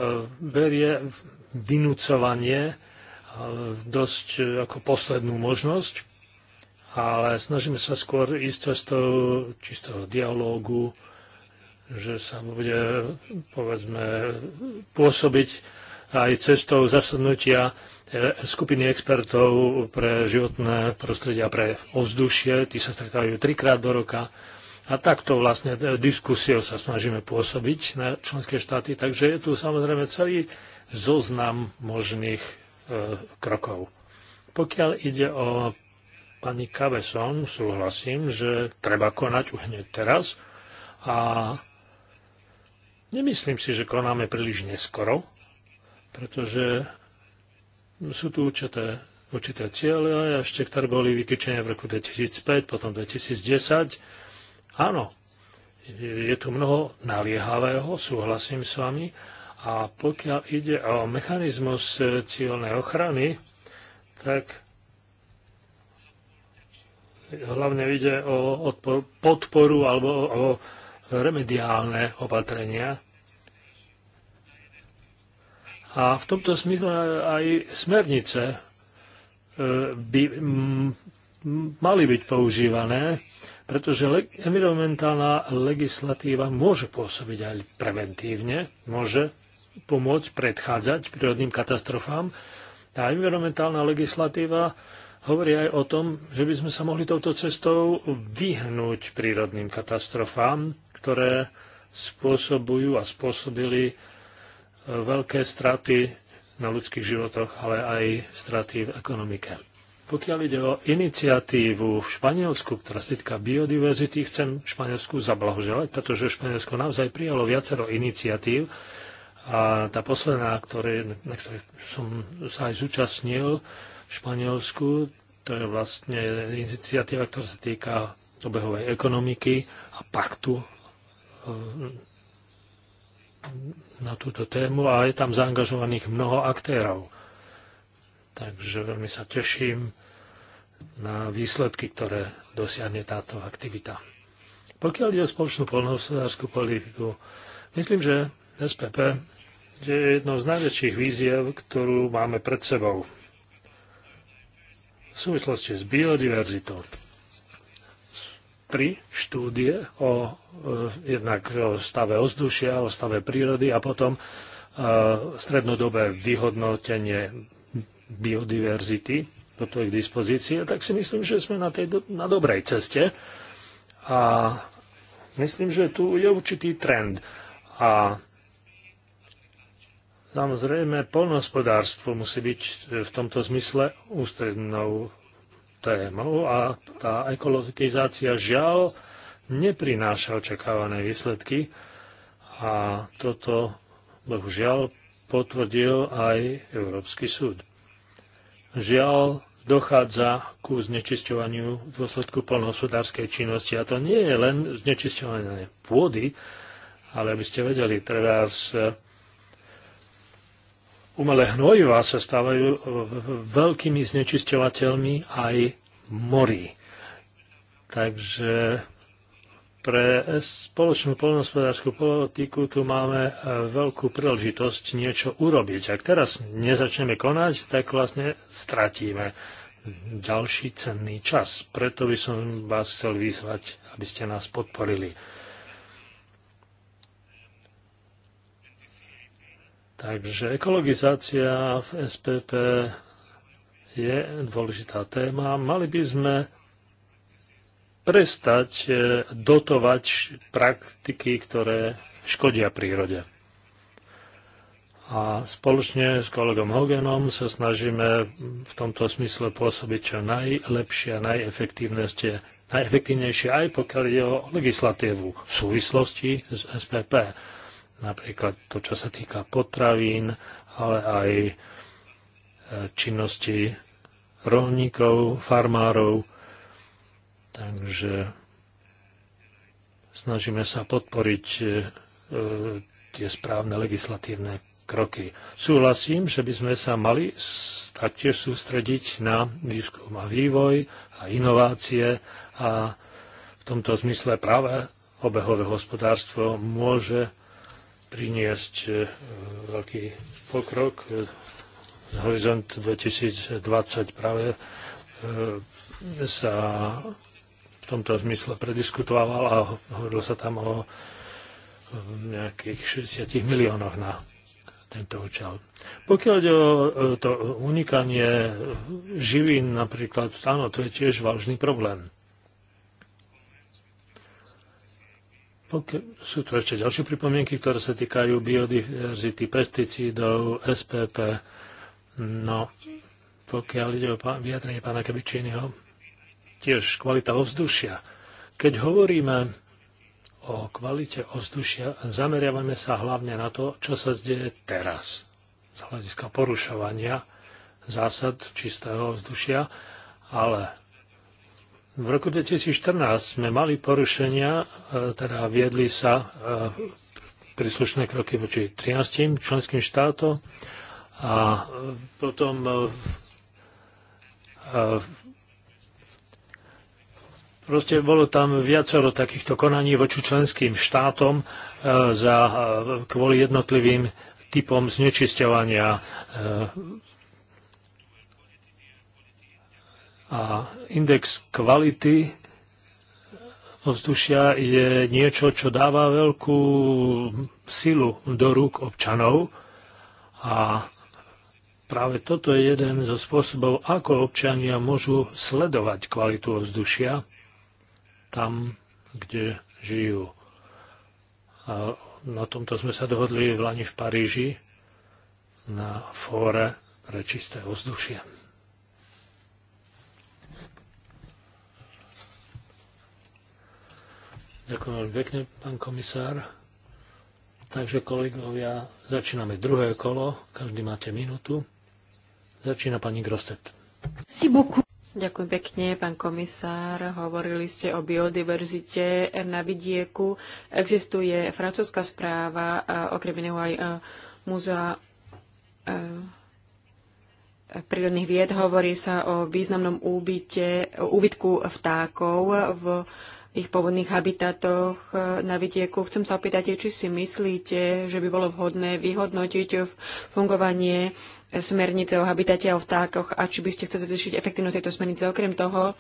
e, berie vynúcovanie e, dosť e, ako poslednú možnosť, ale snažíme sa skôr ísť cestou čistého dialógu, že sa bude, povedzme, pôsobiť aj cestou zasadnutia E, skupiny expertov pre životné prostredie a pre ovzdušie. Tí sa stretávajú trikrát do roka. A takto vlastne e, diskusiou sa snažíme pôsobiť na členské štáty. Takže je tu samozrejme celý zoznam možných e, krokov. Pokiaľ ide o pani Kaveson, súhlasím, že treba konať už hneď teraz. A nemyslím si, že konáme príliš neskoro, pretože sú tu určité, určité cieľe, ešte ktoré boli vytýčené v roku 2005, potom 2010. Áno, je tu mnoho naliehavého, súhlasím s vami. A pokiaľ ide o mechanizmus e, cielnej ochrany, tak hlavne ide o podporu alebo o remediálne opatrenia, a v tomto smysle aj smernice e, by mali byť používané, pretože environmentálna legislatíva môže pôsobiť aj preventívne, môže pomôcť predchádzať prírodným katastrofám. A environmentálna legislatíva hovorí aj o tom, že by sme sa mohli touto cestou vyhnúť prírodným katastrofám, ktoré spôsobujú a spôsobili veľké straty na ľudských životoch, ale aj straty v ekonomike. Pokiaľ ide o iniciatívu v Španielsku, ktorá sa týka biodiverzity, chcem Španielsku zablahoželať, pretože Španielsko naozaj prijalo viacero iniciatív a tá posledná, ktoré, na ktorej som sa aj zúčastnil v Španielsku, to je vlastne iniciatíva, ktorá sa týka obehovej ekonomiky a paktu na túto tému a je tam zaangažovaných mnoho aktérov. Takže veľmi sa teším na výsledky, ktoré dosiahne táto aktivita. Pokiaľ ide o spoločnú polnohospodárskú politiku, myslím, že SPP je jednou z najväčších víziev, ktorú máme pred sebou v súvislosti s biodiverzitou tri štúdie o, e, jednak o stave ovzdušia, o stave prírody a potom e, strednodobé vyhodnotenie biodiverzity, toto je k dispozícii, tak si myslím, že sme na, tej, na dobrej ceste a myslím, že tu je určitý trend a Samozrejme, polnohospodárstvo musí byť v tomto zmysle ústrednou tému a tá ekologizácia žiaľ neprináša očakávané výsledky a toto bohužiaľ potvrdil aj Európsky súd. Žiaľ, dochádza ku znečisťovaniu v dôsledku polnohospodárskej činnosti. A to nie je len znečisťovanie pôdy, ale aby ste vedeli, treba z umelé hnojivá sa stávajú e, veľkými znečisťovateľmi aj morí. Takže pre spoločnú poľnohospodárskú politiku tu máme e, veľkú príležitosť niečo urobiť. Ak teraz nezačneme konať, tak vlastne stratíme ďalší cenný čas. Preto by som vás chcel vyzvať, aby ste nás podporili. Takže ekologizácia v SPP je dôležitá téma. Mali by sme prestať e, dotovať praktiky, ktoré škodia prírode. A spoločne s kolegom Hogenom sa snažíme v tomto smysle pôsobiť čo najlepšie a najefektívnejšie, najefektívnejšie aj pokiaľ ide o legislatívu v súvislosti s SPP napríklad to, čo sa týka potravín, ale aj e, činnosti rolníkov, farmárov. Takže snažíme sa podporiť e, e, tie správne legislatívne kroky. Súhlasím, že by sme sa mali taktiež sústrediť na výskum a vývoj a inovácie a v tomto zmysle práve obehové hospodárstvo môže priniesť e, veľký pokrok. E, horizont 2020 práve e, sa v tomto zmysle prediskutoval a hovorilo sa tam o nejakých 60 miliónoch na tento účel. Pokiaľ ide o to unikanie živín napríklad, áno, to je tiež vážny problém. sú tu ešte ďalšie pripomienky, ktoré sa týkajú biodiverzity, pesticídov, SPP. No, pokiaľ ide o vyjadrenie pána Kebičínyho, tiež kvalita ovzdušia. Keď hovoríme o kvalite ovzdušia, zameriavame sa hlavne na to, čo sa zdeje teraz z hľadiska porušovania zásad čistého ovzdušia, ale v roku 2014 sme mali porušenia, e, teda viedli sa e, príslušné kroky voči 13 členským štátom a potom e, proste bolo tam viacero takýchto konaní voči členským štátom za, kvôli jednotlivým typom znečisťovania A index kvality ovzdušia je niečo, čo dáva veľkú silu do rúk občanov a práve toto je jeden zo spôsobov, ako občania môžu sledovať kvalitu ovzdušia tam, kde žijú. A na tomto sme sa dohodli v Lani v Paríži na fóre pre čisté ovzdušie. Ďakujem veľmi pekne, pán komisár. Takže kolegovia, začíname druhé kolo, každý máte minútu. Začína pani Grostet. Ďakujem pekne, pán komisár. Hovorili ste o biodiverzite na vidieku. Existuje francúzska správa, okrem iného aj múzea prírodných vied. Hovorí sa o významnom úbytku vtákov v ich pôvodných habitatoch e, na vidieku. Chcem sa opýtať, či si myslíte, že by bolo vhodné vyhodnotiť fungovanie smernice o habitate a o vtákoch a či by ste chceli zvýšiť efektívnosť tejto smernice. Okrem toho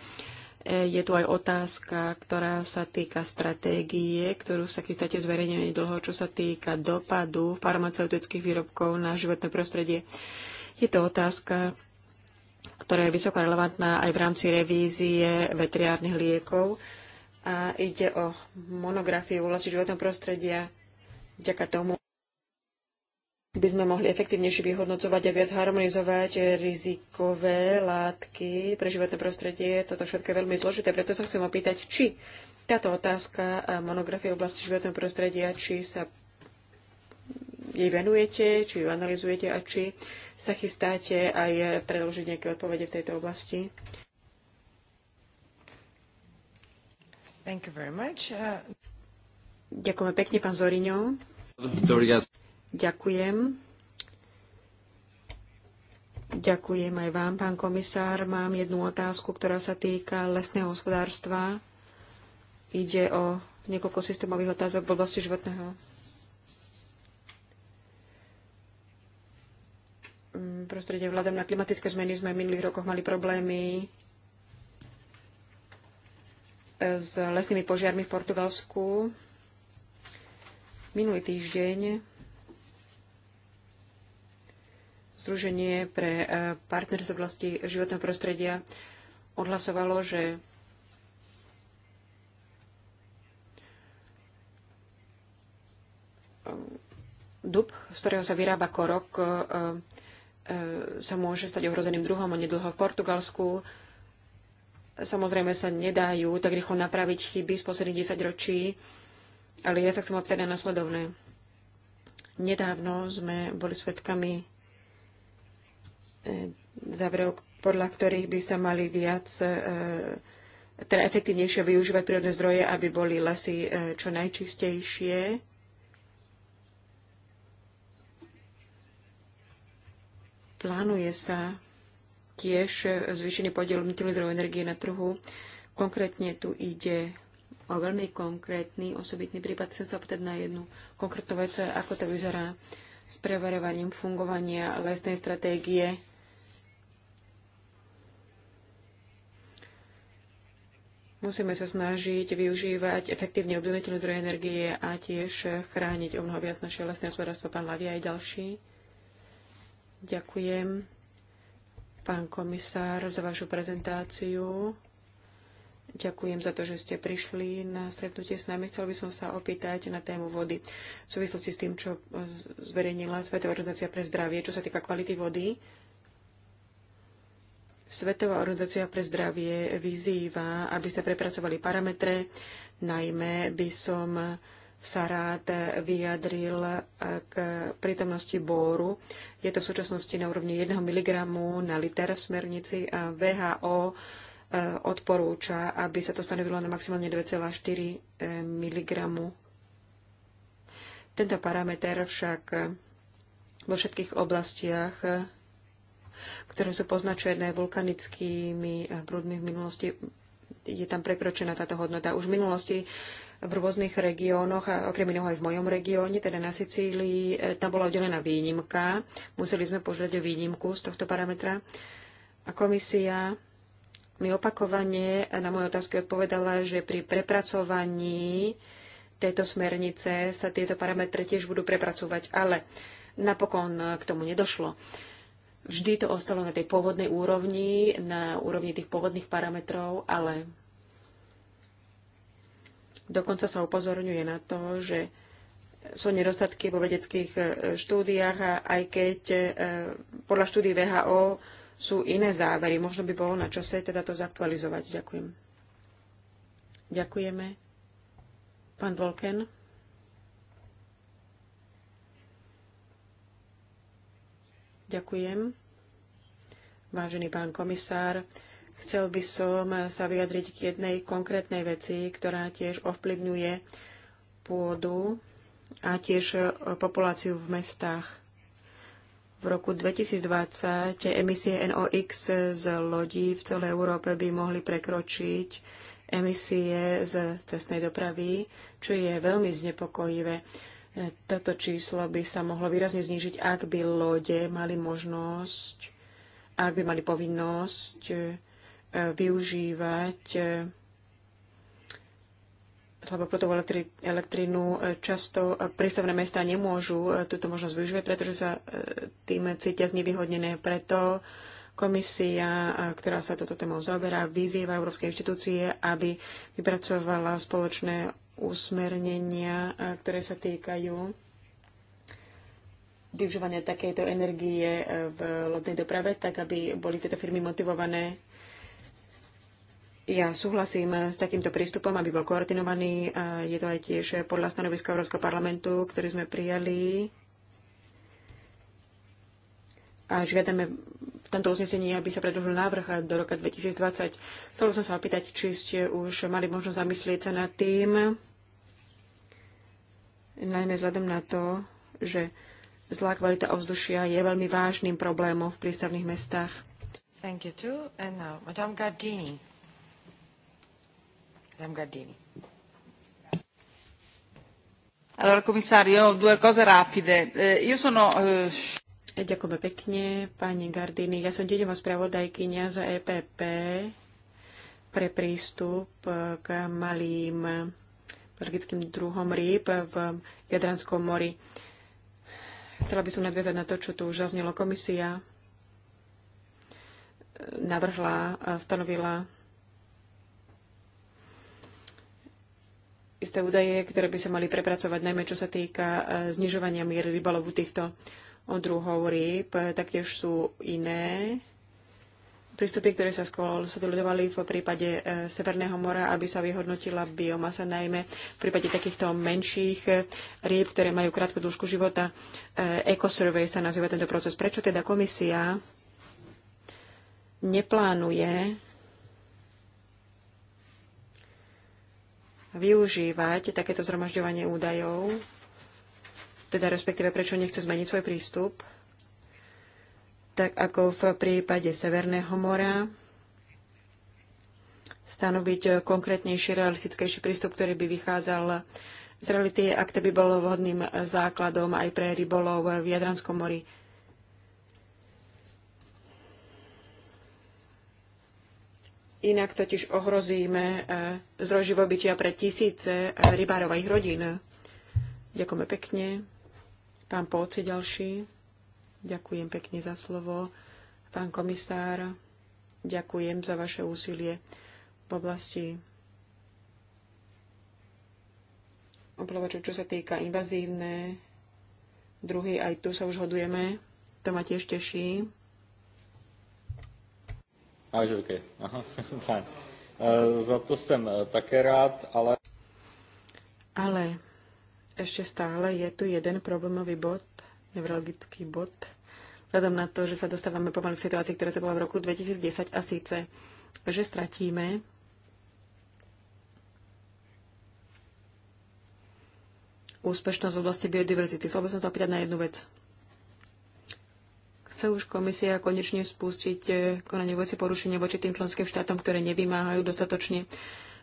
e, je tu aj otázka, ktorá sa týka stratégie, ktorú sa chystáte zverejňovať dlho, čo sa týka dopadu farmaceutických výrobkov na životné prostredie. Je to otázka, ktorá je vysoko relevantná aj v rámci revízie veteriárnych liekov a ide o monografiu vlasti životného prostredia. Vďaka tomu by sme mohli efektívnejšie vyhodnocovať a viac harmonizovať rizikové látky pre životné prostredie. Toto všetko je veľmi zložité, preto sa chcem opýtať, či táto otázka a monografie v oblasti životného prostredia, či sa jej venujete, či ju analizujete a či sa chystáte aj predložiť nejaké odpovede v tejto oblasti. Thank you very much. Uh... Ďakujem pekne, pán Zoriňo. Ďakujem. Ďakujem aj vám, pán komisár. Mám jednu otázku, ktorá sa týka lesného hospodárstva. Ide o niekoľko systémových otázok v oblasti životného. Prostredie vládom na klimatické zmeny sme v minulých rokoch mali problémy s lesnými požiarmi v Portugalsku. Minulý týždeň Združenie pre e, partnerstvo v oblasti životného prostredia odhlasovalo, že dub, z ktorého sa vyrába korok, e, e, sa môže stať ohrozeným druhom a nedlho v Portugalsku. Samozrejme sa nedajú tak rýchlo napraviť chyby z posledných 10 ročí, ale ja sa chcem opýtať na nasledovné. Nedávno sme boli svetkami eh, záverov, podľa ktorých by sa mali viac eh, teda efektívnejšie využívať prírodné zdroje, aby boli lesy eh, čo najčistejšie. Plánuje sa tiež zvýšený podiel obnoviteľných zdrojov energie na trhu. Konkrétne tu ide o veľmi konkrétny osobitný prípad. Chcem sa opýtať na jednu konkrétnu vec, ako to vyzerá s preverovaním fungovania lesnej stratégie. Musíme sa snažiť využívať efektívne obnoviteľné zdroje energie a tiež chrániť o mnoho viac naše lesné hospodárstvo. Pán Lavia aj ďalší. Ďakujem pán komisár, za vašu prezentáciu. Ďakujem za to, že ste prišli na stretnutie s nami. Chcel by som sa opýtať na tému vody v súvislosti s tým, čo zverejnila Svetová organizácia pre zdravie, čo sa týka kvality vody. Svetová organizácia pre zdravie vyzýva, aby sa prepracovali parametre, najmä by som sa rád vyjadril k prítomnosti bóru. Je to v súčasnosti na úrovni 1 mg na liter v smernici a VHO e, odporúča, aby sa to stanovilo na maximálne 2,4 e, mg. Tento parameter však vo všetkých oblastiach, ktoré sú poznačené vulkanickými prúdmi v minulosti, je tam prekročená táto hodnota. Už v minulosti v rôznych regiónoch, a okrem iného aj v mojom regióne, teda na Sicílii, e, tam bola udelená výnimka. Museli sme požiadať o výnimku z tohto parametra. A komisia mi opakovane na moje otázky odpovedala, že pri prepracovaní tejto smernice sa tieto parametre tiež budú prepracovať, ale napokon k tomu nedošlo. Vždy to ostalo na tej pôvodnej úrovni, na úrovni tých pôvodných parametrov, ale Dokonca sa upozorňuje na to, že sú nedostatky vo vedeckých e, štúdiách a aj keď e, podľa štúdí VHO sú iné závery. Možno by bolo na čase teda to zaktualizovať. Ďakujem. Ďakujeme. Pán Volken. Ďakujem. Vážený pán komisár, Chcel by som sa vyjadriť k jednej konkrétnej veci, ktorá tiež ovplyvňuje pôdu a tiež e, populáciu v mestách. V roku 2020 emisie NOx z lodí v celej Európe by mohli prekročiť emisie z cestnej dopravy, čo je veľmi znepokojivé. E, Toto číslo by sa mohlo výrazne znížiť, ak by lode mali možnosť, ak by mali povinnosť e, využívať slaboprotovú e, elektrínu. E, často e, prístavné mesta nemôžu túto možnosť využívať, pretože sa tým cítia znevýhodnené. Preto komisia, ktorá sa toto témou zaoberá, vyzýva európske inštitúcie, aby vypracovala spoločné usmernenia, ktoré sa týkajú využívania takejto energie v lodnej doprave, tak aby boli tieto firmy motivované ja súhlasím s takýmto prístupom, aby bol koordinovaný. je to aj tiež podľa stanoviska Európskeho parlamentu, ktorý sme prijali. A žiadame v tomto uznesení, aby sa predložil návrh do roka 2020. Chcel som sa opýtať, či ste už mali možnosť zamyslieť sa nad tým, najmä vzhľadom na to, že zlá kvalita ovzdušia je veľmi vážnym problémom v prístavných mestách. Thank you too. And now, Madame Gardini. Madame commissario, due cose rapide. Eh, io sono... Eh, eh, Ďakujeme pekne, pani Gardini. Ja som dedevá spravodajkynia za EPP pre prístup k malým biologickým druhom rýb v Jadranskom mori. Chcela by som nadviazať na to, čo tu už zaznelo. Komisia navrhla, stanovila isté údaje, ktoré by sa mali prepracovať, najmä čo sa týka e, znižovania miery rybalovu týchto druhov rýb. Taktiež sú iné prístupy, ktoré sa sledovali v prípade e, Severného mora, aby sa vyhodnotila biomasa, najmä v prípade takýchto menších e, rýb, ktoré majú krátku dĺžku života. Ecosurvey sa nazýva tento proces. Prečo teda komisia neplánuje využívať takéto zhromažďovanie údajov, teda respektíve prečo nechce zmeniť svoj prístup, tak ako v prípade Severného mora, stanoviť konkrétnejší, realistickejší prístup, ktorý by vychádzal z reality, ak to by bolo vhodným základom aj pre rybolov v Jadranskom mori. Inak totiž ohrozíme e, zdroj živobytia pre tisíce e, rybárových rodín. Ďakujeme pekne. Pán Polci ďalší. Ďakujem pekne za slovo. Pán komisár, ďakujem za vaše úsilie v oblasti oplovačov, čo sa týka invazívne druhy. Aj tu sa už hodujeme. To ma tiež teší. Až okay. Aha, fajn. E, za to som e, také rád, ale... Ale ešte stále je tu jeden problémový bod, neurologický bod, vzhľadom na to, že sa dostávame pomaly k situácii, ktorá to bola v roku 2010 a síce, že stratíme úspešnosť v oblasti biodiverzity. Chcel by som to opýtať na jednu vec. Chce už komisia konečne spustiť eh, konanie voci porušenia voči tým členským štátom, ktoré nevymáhajú dostatočne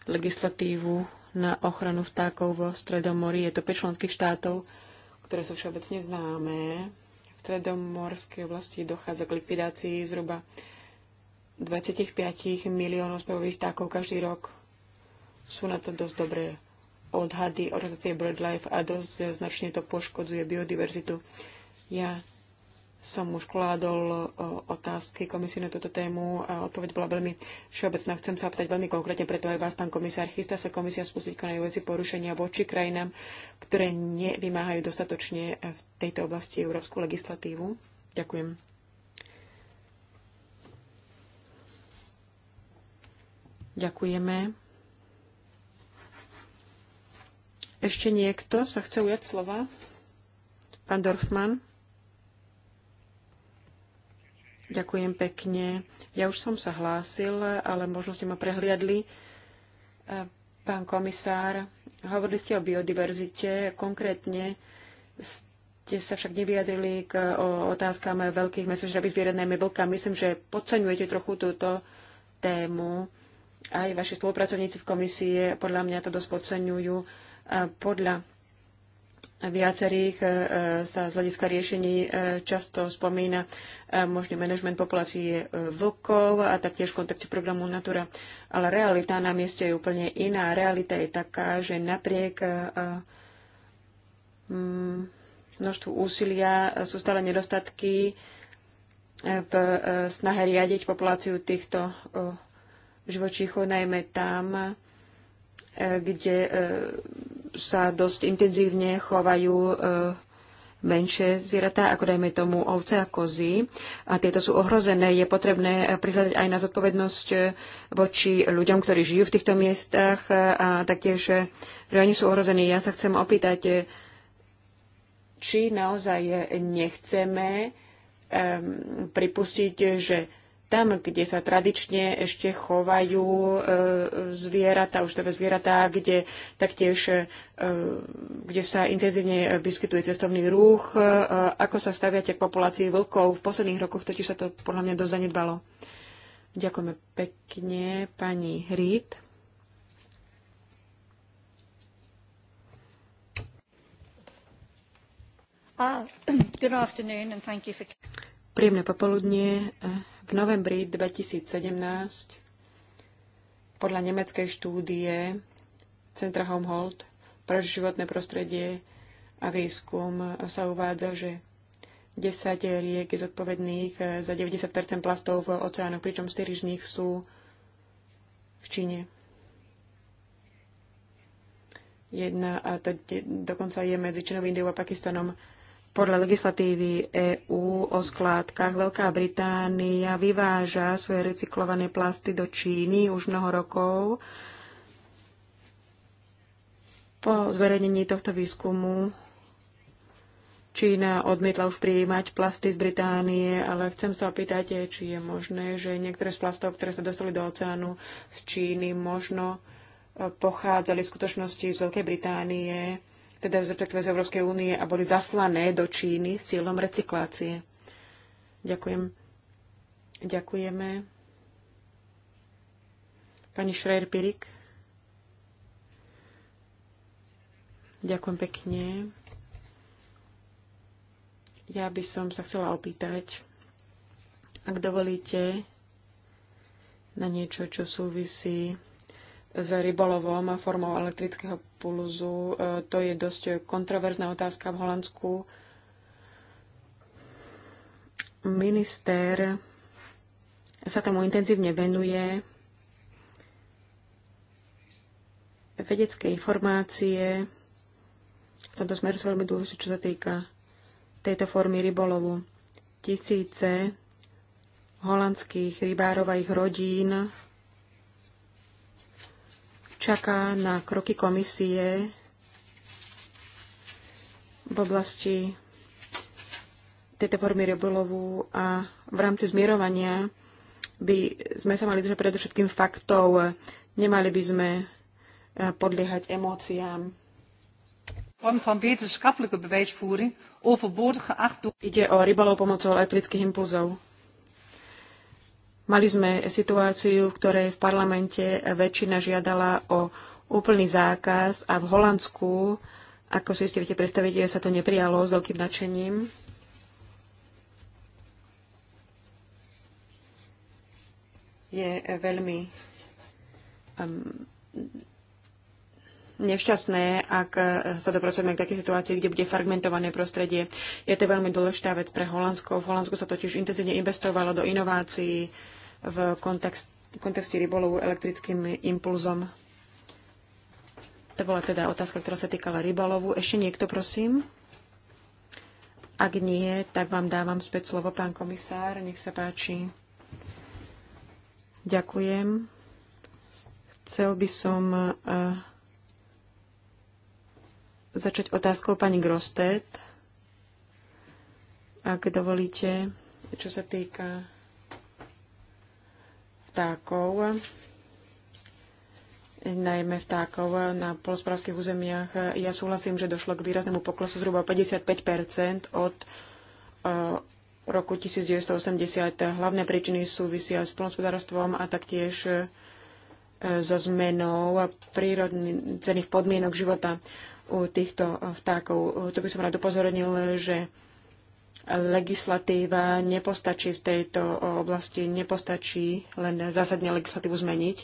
legislatívu na ochranu vtákov vo Stredomorí. Je to 5 členských štátov, ktoré sú všeobecne známe. V stredomorskej oblasti dochádza k likvidácii zhruba 25 miliónov spevových vtákov každý rok. Sú na to dosť dobré odhady organizácie BirdLife a dosť značne to poškodzuje biodiverzitu. Ja som už kládol otázky komisii na túto tému a odpoveď bola veľmi všeobecná. Chcem sa opýtať veľmi konkrétne, preto aj vás, pán komisár, chystá sa komisia spustiť konajú veci porušenia voči krajinám, ktoré nevymáhajú dostatočne v tejto oblasti európsku legislatívu. Ďakujem. Ďakujeme. Ešte niekto sa chce ujať slova? Pán Dorfman? Ďakujem pekne. Ja už som sa hlásil, ale možno ste ma prehliadli. E, pán komisár, hovorili ste o biodiverzite. Konkrétne ste sa však nevyjadrili k otázkám otázkam veľkých mesožravých zvierat, najmä vlka. Myslím, že podceňujete trochu túto tému. Aj vaši spolupracovníci v komisii podľa mňa to dosť podceňujú. Podľa viacerých e, e, sa z hľadiska riešení často spomína možný manažment populácie e, vlkov a taktiež v kontakte programu Natura. Ale realita na mieste je úplne iná. Realita je taká, že napriek e, e, mm, množstvu úsilia sú stále nedostatky v snahe riadiť populáciu týchto živočíchov, najmä tam, kde sa dosť intenzívne chovajú menšie zvieratá, ako dajme tomu ovce a kozy, a tieto sú ohrozené. Je potrebné prihľadať aj na zodpovednosť voči ľuďom, ktorí žijú v týchto miestach a taktiež, že eh, oni sú ohrození. Ja sa chcem opýtať, eh, či naozaj eh, nechceme um, pripustiť, že tam, kde sa tradične ešte chovajú e, zvieratá, už teda zvieratá, kde taktiež, e, kde sa intenzívne vyskytuje cestovný ruch. E, ako sa staviate k populácii vlkov? V posledných rokoch totiž sa to podľa mňa dosť zanedbalo. Ďakujeme pekne, pani hrid. Ah, good afternoon and thank you for... Príjemné popoludnie. V novembri 2017 podľa nemeckej štúdie Centra Helmholtz pre životné prostredie a výskum sa uvádza, že 10 riek je zodpovedných za 90 plastov v oceánu, pričom 4 z nich sú v Číne. Jedna a to dokonca je medzi Čínou, Indiou a Pakistanom. Podľa legislatívy EÚ o skládkach Veľká Británia vyváža svoje recyklované plasty do Číny už mnoho rokov. Po zverejnení tohto výskumu Čína odmietla už prijímať plasty z Británie, ale chcem sa opýtať, či je možné, že niektoré z plastov, ktoré sa dostali do oceánu z Číny, možno pochádzali v skutočnosti z Veľkej Británie teda respektíve z Európskej únie a boli zaslané do Číny s cieľom recyklácie. Ďakujem. Ďakujeme. Pani Šrajer-Pirik. Ďakujem pekne. Ja by som sa chcela opýtať, ak dovolíte, na niečo, čo súvisí s rybolovom formou elektrického pulzu. E, to je dosť kontroverzná otázka v Holandsku. Minister sa tomu intenzívne venuje. Vedecké informácie v tomto smeru sú veľmi dôležité, čo sa týka tejto formy rybolovu. Tisíce holandských rybárov a ich rodín čaká na kroky komisie v oblasti tejto formy rybolovu a v rámci zmierovania by sme sa mali držať predovšetkým faktov. Nemali by sme e, podliehať emóciám. Ide o rybolov pomocou elektrických impulzov. Mali sme situáciu, v ktorej v parlamente väčšina žiadala o úplný zákaz a v Holandsku, ako si ste viete predstaviť, sa to neprijalo s veľkým nadšením. Je veľmi um, nešťastné, ak sa dopracujeme k takej situácii, kde bude fragmentované prostredie. Je to veľmi dôležitá vec pre Holandsko. V Holandsku sa totiž intenzívne investovalo do inovácií, v kontext, kontexte rybolovu elektrickým impulzom. To bola teda otázka, ktorá sa týkala rybolovu. Ešte niekto, prosím? Ak nie, tak vám dávam späť slovo, pán komisár. Nech sa páči. Ďakujem. Chcel by som uh, začať otázkou pani Grostet. Ak dovolíte, čo sa týka vtákov, najmä vtákov na polospodárských územiach. Ja súhlasím, že došlo k výraznému poklesu zhruba 55 od eh, roku 1980. Hlavné príčiny súvisia s polospodárstvom a taktiež eh, so zmenou prírodných podmienok života u týchto vtákov. Tu by som rád upozornil, že legislatíva nepostačí v tejto oblasti, nepostačí len zásadne legislatívu zmeniť,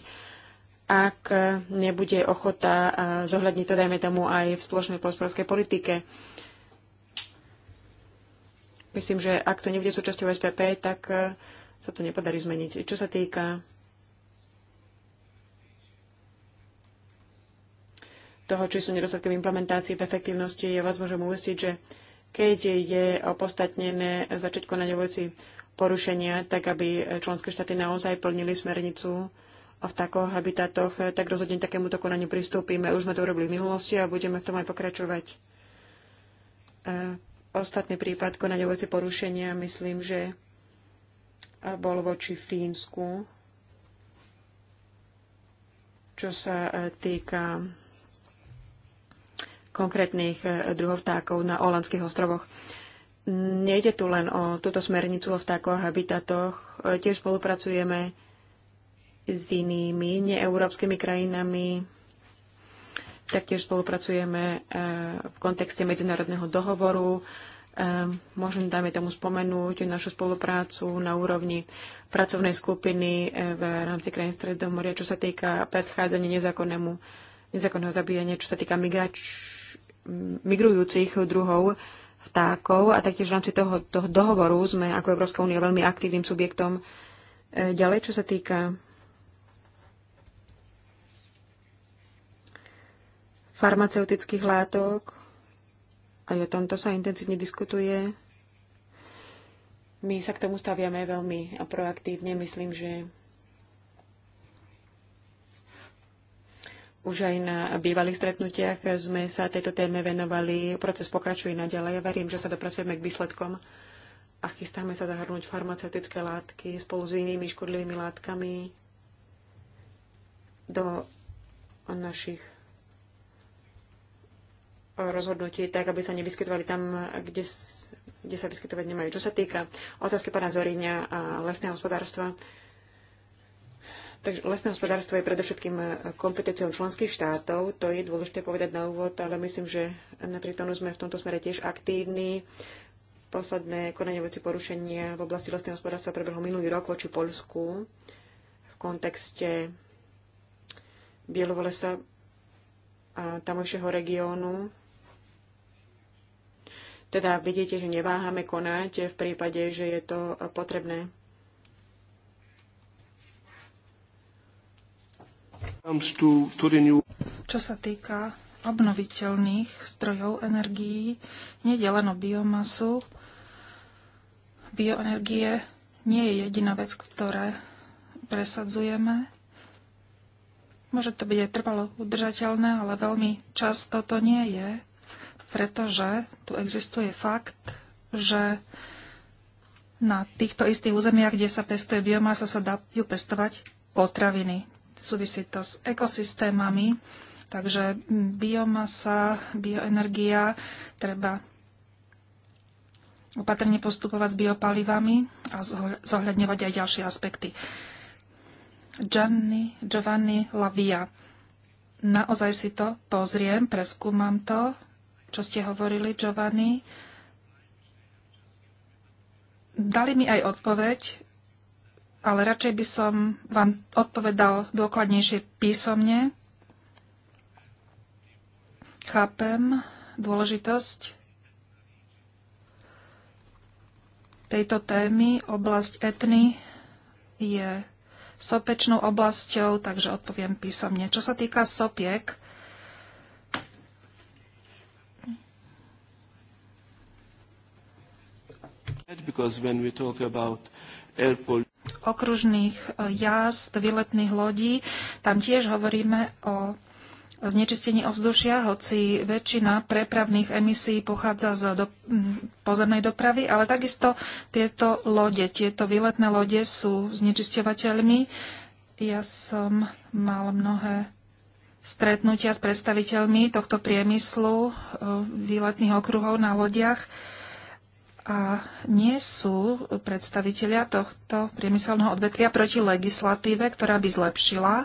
ak nebude ochota zohľadniť to, dajme tomu, aj v spoločnej polospodárskej politike. Myslím, že ak to nebude súčasťou SPP, tak e, sa to nepodarí zmeniť. Čo sa týka toho, či sú nedostatky v implementácii, v efektívnosti, ja vás môžem uvestiť, že keď je opodstatnené začať konať o veci porušenia, tak aby členské štáty naozaj plnili smernicu v takých habitatoch, tak rozhodne takémuto konaniu pristúpime. Už sme to urobili v minulosti a budeme v tom aj pokračovať. E, ostatný prípad konať o veci porušenia, myslím, že bol voči Fínsku, čo sa e, týka konkrétnych e, druhov vtákov na Olandských ostrovoch. Nejde tu len o túto smernicu o vtákoch a habitatoch. E, Tiež spolupracujeme s inými neeurópskymi krajinami. Taktiež spolupracujeme e, v kontexte medzinárodného dohovoru. Môžem, dáme tomu spomenúť našu spoluprácu na úrovni pracovnej skupiny v rámci krajín Stredomoria, čo sa týka predchádzania nezákonnému nezákonného zabíjania, čo sa týka migrač, migrujúcich druhov vtákov a taktiež v rámci toho, toho dohovoru sme ako Európska únia veľmi aktívnym subjektom. E, ďalej, čo sa týka farmaceutických látok, aj o tomto sa intenzívne diskutuje. My sa k tomu staviame veľmi proaktívne. Myslím, že Už aj na bývalých stretnutiach sme sa tejto téme venovali. Proces pokračuje naďalej. Verím, že sa dopracujeme k výsledkom a chystáme sa zahrnúť farmaceutické látky spolu s inými škodlivými látkami do našich rozhodnutí, tak aby sa nevyskytovali tam, kde, kde sa vyskytovať nemajú. Čo sa týka otázky pána Zoriňa a lesného hospodárstva, Takže lesné hospodárstvo je predovšetkým e, kompetenciou členských štátov, to je dôležité povedať na úvod, ale myslím, že napriek tomu sme v tomto smere tiež aktívni. Posledné konanie veci porušenia v oblasti lesného hospodárstva prebehlo minulý rok voči Polsku v kontekste Bielovo lesa a tamojšieho regiónu. Teda vidíte, že neváhame konať v prípade, že je to potrebné. Čo sa týka obnoviteľných zdrojov energií, nie je len o biomasu. Bioenergie nie je jediná vec, ktoré presadzujeme. Môže to byť aj trvalo udržateľné, ale veľmi často to nie je, pretože tu existuje fakt, že na týchto istých územiach, kde sa pestuje biomasa, sa dá ju pestovať potraviny súvisí to s ekosystémami, takže biomasa, bioenergia, treba opatrne postupovať s biopalivami a zohľadňovať aj ďalšie aspekty. Gianni, Giovanni Lavia. Naozaj si to pozriem, preskúmam to, čo ste hovorili, Giovanni. Dali mi aj odpoveď, ale radšej by som vám odpovedal dôkladnejšie písomne. Chápem dôležitosť tejto témy. Oblasť etny je sopečnou oblasťou, takže odpoviem písomne. Čo sa týka sopiek, because when we talk about pollution, okružných e, jazd, výletných lodí. Tam tiež hovoríme o znečistení ovzdušia, hoci väčšina prepravných emisí pochádza z do, pozemnej dopravy, ale takisto tieto lode, tieto výletné lode sú znečisťovateľmi. Ja som mal mnohé stretnutia s predstaviteľmi tohto priemyslu e, výletných okruhov na lodiach a nie sú predstavitelia tohto priemyselného odvetvia proti legislatíve, ktorá by zlepšila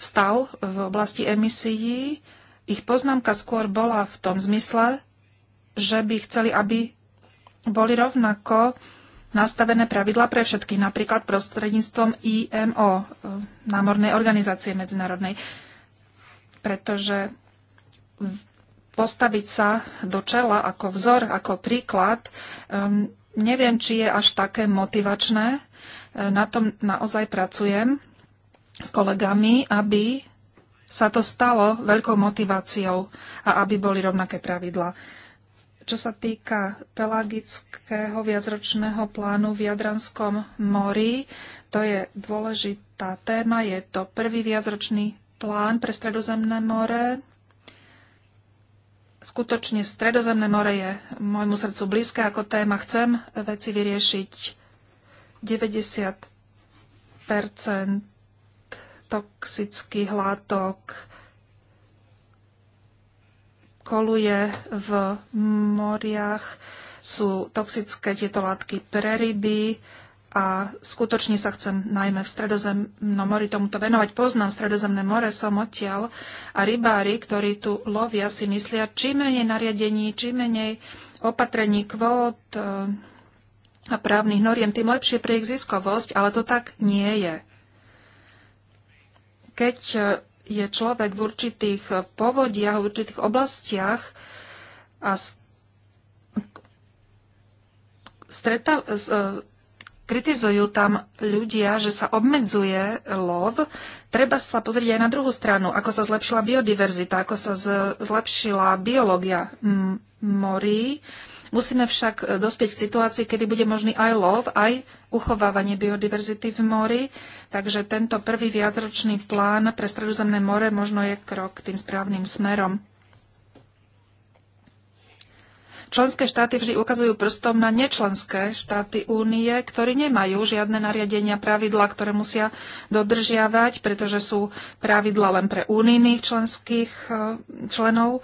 stav v oblasti emisií. Ich poznámka skôr bola v tom zmysle, že by chceli, aby boli rovnako nastavené pravidla pre všetky, napríklad prostredníctvom IMO, e, Námornej organizácie medzinárodnej, pretože postaviť sa do čela ako vzor, ako príklad, um, neviem, či je až také motivačné. Ehm, na tom naozaj pracujem s kolegami, aby sa to stalo veľkou motiváciou a aby boli rovnaké pravidlá. Čo sa týka pelagického viacročného plánu v Jadranskom mori, to je dôležitá téma. Je to prvý viacročný plán pre Stredozemné more, Skutočne Stredozemné more je môjmu srdcu blízke ako téma. Chcem veci vyriešiť 90 toxických látok koluje v moriach. Sú toxické tieto látky pre ryby, a skutočne sa chcem najmä v Stredozemnom mori tomuto venovať. Poznám Stredozemné more, som odtiaľ a rybári, ktorí tu lovia, si myslia, čím menej nariadení, čím menej opatrení kvót e, a právnych noriem, tým lepšie pre ich ziskovosť, ale to tak nie je. Keď e, je človek v určitých e, povodiach, v určitých oblastiach a kritizujú tam ľudia, že sa obmedzuje lov, treba sa pozrieť aj na druhú stranu, ako sa zlepšila biodiverzita, ako sa zlepšila biológia morí. Musíme však e, dospieť k situácii, kedy bude možný aj lov, aj uchovávanie biodiverzity v mori. Takže tento prvý viacročný plán pre Stredozemné more možno je krok tým správnym smerom. Členské štáty vždy ukazujú prstom na nečlenské štáty únie, ktorí nemajú žiadne nariadenia, pravidla, ktoré musia dodržiavať, pretože sú pravidla len pre únijných členských e, členov.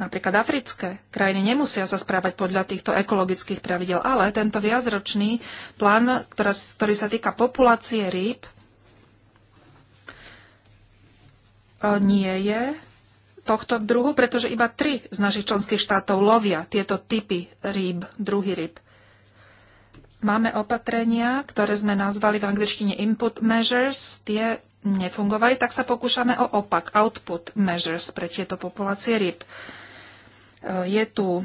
Napríklad africké krajiny nemusia sa správať podľa týchto ekologických pravidel, ale tento viacročný plán, ktorá, ktorý sa týka populácie rýb, e, nie je tohto druhu, pretože iba tri z našich členských štátov lovia tieto typy rýb, druhý rýb. Máme opatrenia, ktoré sme nazvali v angličtine input measures. Tie nefungovali, tak sa pokúšame o opak, output measures pre tieto populácie rýb. E, je tu e,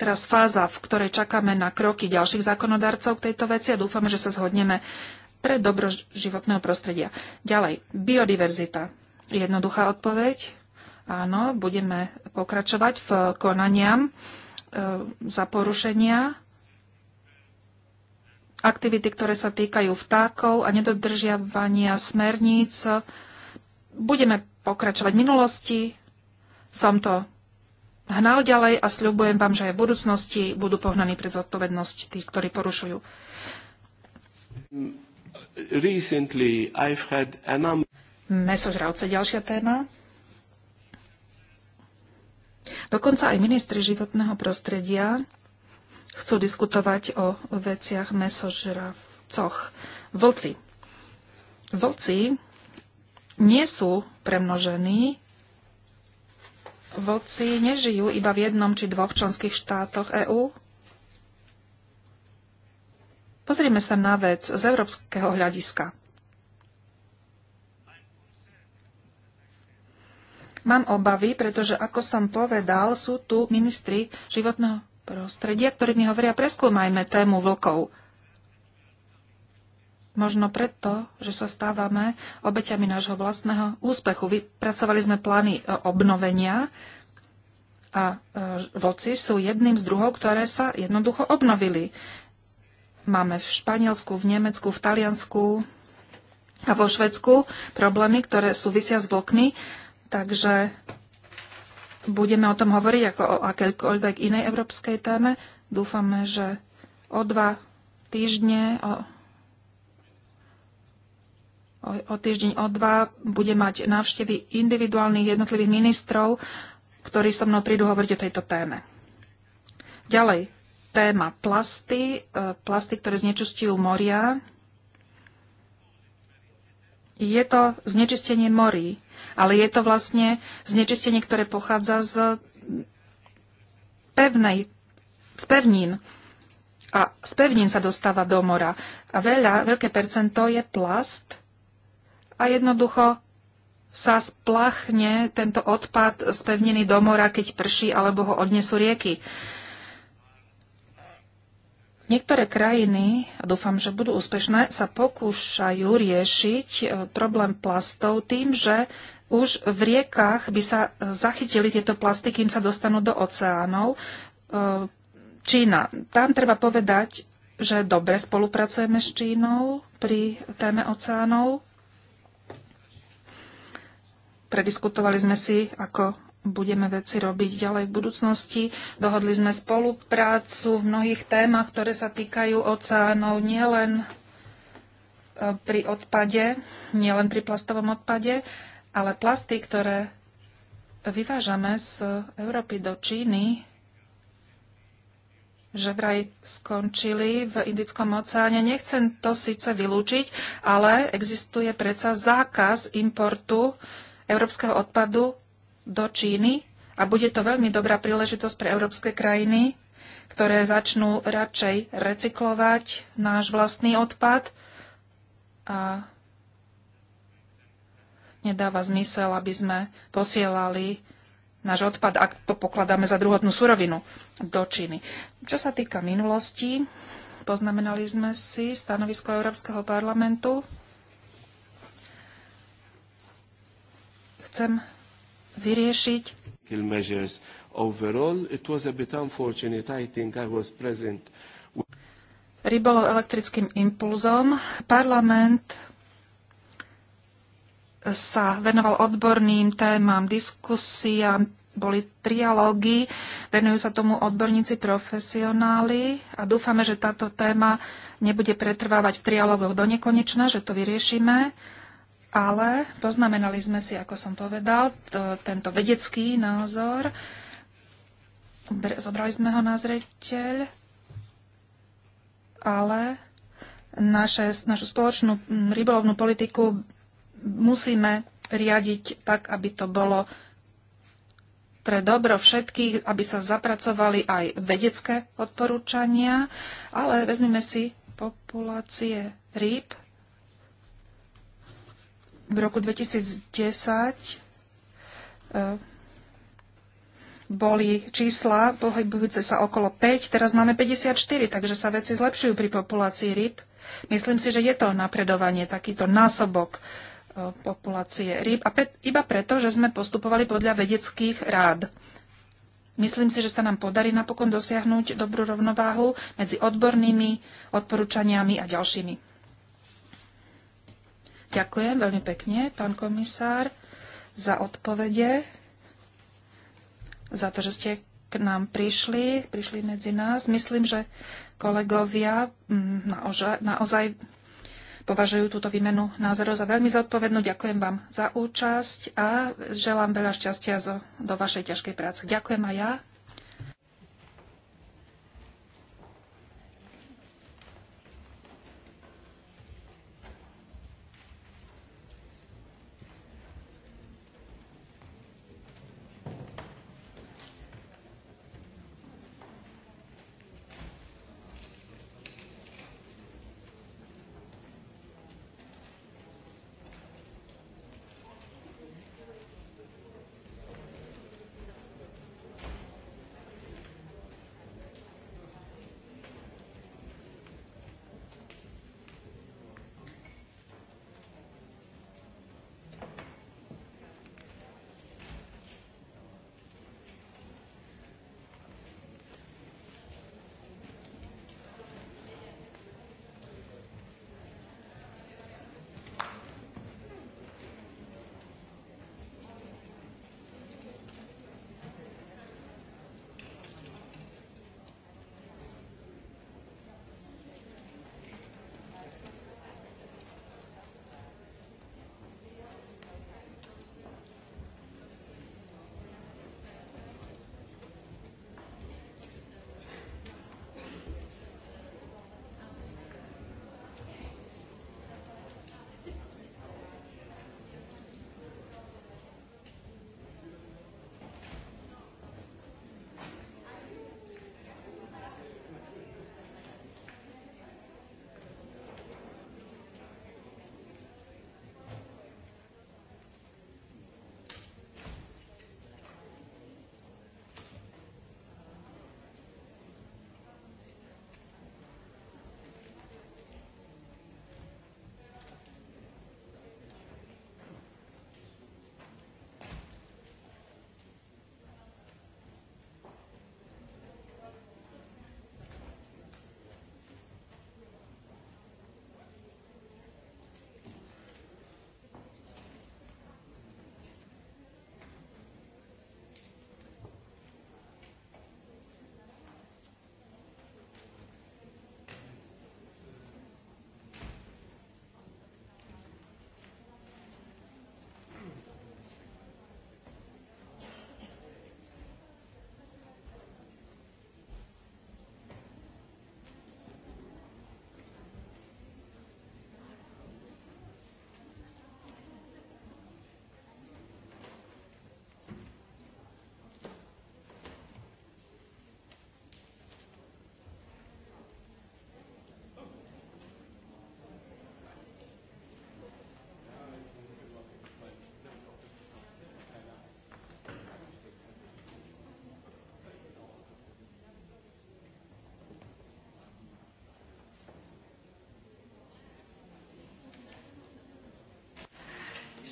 teraz fáza, v ktorej čakáme na kroky ďalších zákonodarcov k tejto veci a dúfame, že sa zhodneme pre dobro životného prostredia. Ďalej, biodiverzita Jednoduchá odpoveď. Áno, budeme pokračovať v konaniam e, za porušenia aktivity, ktoré sa týkajú vtákov a nedodržiavania smerníc. Budeme pokračovať v minulosti. Som to hnal ďalej a sľubujem vám, že aj v budúcnosti budú pohnaní pred zodpovednosť tí, ktorí porušujú. Recently, I've had a number mesožravce. Ďalšia téma. Dokonca aj ministri životného prostredia chcú diskutovať o veciach mesožravcoch. Vlci. Vlci nie sú premnožení. Vlci nežijú iba v jednom či dvoch členských štátoch EÚ. Pozrime sa na vec z európskeho hľadiska. Mám obavy, pretože ako som povedal, sú tu ministri životného prostredia, ktorí mi hovoria, preskúmajme tému vlkov. Možno preto, že sa stávame obeťami nášho vlastného úspechu. Vypracovali sme plány e, obnovenia a e, vlci sú jedným z druhov, ktoré sa jednoducho obnovili. Máme v Španielsku, v Nemecku, v Taliansku a vo Švedsku problémy, ktoré súvisia s vlkmi Takže budeme o tom hovoriť ako o akékoľvek inej európskej téme. Dúfame, že o dva týždne, o, o, o týždeň, o dva bude mať návštevy individuálnych jednotlivých ministrov, ktorí so mnou prídu hovoriť o tejto téme. Ďalej, téma plasty, e, plasty, ktoré znečistujú moria, je to znečistenie morí, ale je to vlastne znečistenie, ktoré pochádza z pevnej, z pevnín. A z pevnín sa dostáva do mora. A veľa, veľké percento je plast a jednoducho sa splachne tento odpad z pevniny do mora, keď prší alebo ho odnesú rieky. Niektoré krajiny, a dúfam, že budú úspešné, sa pokúšajú riešiť e, problém plastov tým, že už v riekach by sa e, zachytili tieto plasty, kým sa dostanú do oceánov. E, Čína. Tam treba povedať, že dobre spolupracujeme s Čínou pri téme oceánov. Prediskutovali sme si, ako budeme veci robiť ďalej v budúcnosti. Dohodli sme spoluprácu v mnohých témach, ktoré sa týkajú oceánov, nielen e, pri odpade, nielen pri plastovom odpade, ale plasty, ktoré vyvážame z Európy do Číny, že vraj skončili v Indickom oceáne. Nechcem to síce vylúčiť, ale existuje predsa zákaz importu európskeho odpadu do Číny a bude to veľmi dobrá príležitosť pre európske krajiny, ktoré začnú radšej recyklovať náš vlastný odpad a nedáva zmysel, aby sme posielali náš odpad, ak to pokladáme za druhotnú surovinu do Číny. Čo sa týka minulosti, poznamenali sme si stanovisko Európskeho parlamentu. Chcem vyriešiť. Rybolov elektrickým impulzom. Parlament sa venoval odborným témam, diskusiám, boli trialógy, venujú sa tomu odborníci, profesionáli a dúfame, že táto téma nebude pretrvávať v trialógoch do nekonečna, že to vyriešime ale poznamenali sme si, ako som povedal, to, tento vedecký názor. Zobrali sme ho na zreteľ, ale naše, našu spoločnú rybolovnú politiku musíme riadiť tak, aby to bolo pre dobro všetkých, aby sa zapracovali aj vedecké odporúčania, ale vezmeme si populácie rýb v roku 2010 e, boli čísla pohybujúce sa okolo 5, teraz máme 54, takže sa veci zlepšujú pri populácii ryb. Myslím si, že je to napredovanie, takýto násobok e, populácie ryb, a pre, iba preto, že sme postupovali podľa vedeckých rád. Myslím si, že sa nám podarí napokon dosiahnuť dobrú rovnováhu medzi odbornými odporúčaniami a ďalšími. Ďakujem veľmi pekne, pán komisár, za odpovede, za to, že ste k nám prišli, prišli medzi nás. Myslím, že kolegovia mm, naozaj, naozaj považujú túto výmenu názorov za veľmi zodpovednú. Ďakujem vám za účasť a želám veľa šťastia do vašej ťažkej práce. Ďakujem aj ja.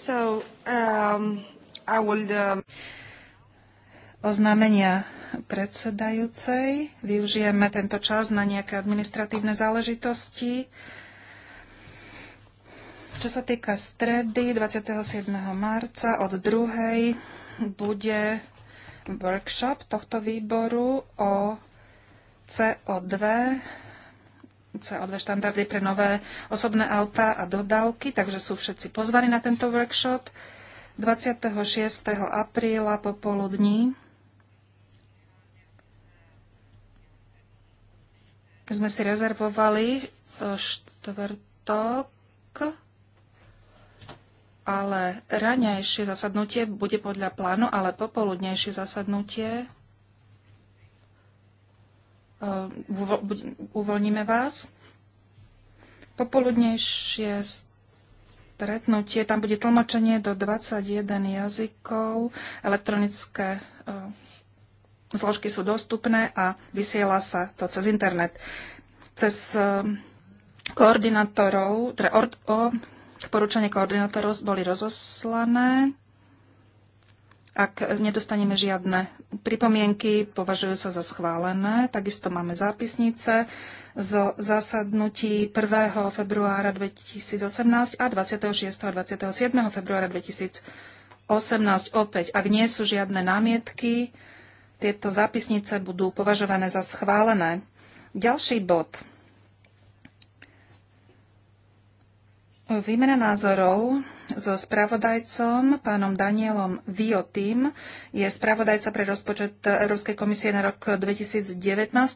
So, um, I um... Oznámenia predsedajúcej. Využijeme tento čas na nejaké administratívne záležitosti. Čo sa týka stredy 27. marca od 2. bude workshop tohto výboru o CO2 CO2 štandardy pre nové osobné autá a dodávky, takže sú všetci pozvaní na tento workshop 26. apríla popoludní. sme si rezervovali e, štvrtok, ale raňajšie zasadnutie bude podľa plánu, ale popoludnejšie zasadnutie Eh, uvoľníme vás. Popoludnejšie stretnutie, tam bude tlmočenie do 21 jazykov, elektronické eh, zložky sú dostupné a vysiela sa to cez internet. Cez eh, koordinátorov, teda o, o, koordinátorov boli rozoslané ak nedostaneme žiadne pripomienky, považujú sa za schválené. Takisto máme zápisnice zo zasadnutí 1. februára 2018 a 26. a 27. februára 2018. Opäť, ak nie sú žiadne námietky, tieto zápisnice budú považované za schválené. Ďalší bod – Výmena názorov so spravodajcom, pánom Danielom Viotým, je spravodajca pre rozpočet Európskej komisie na rok 2019.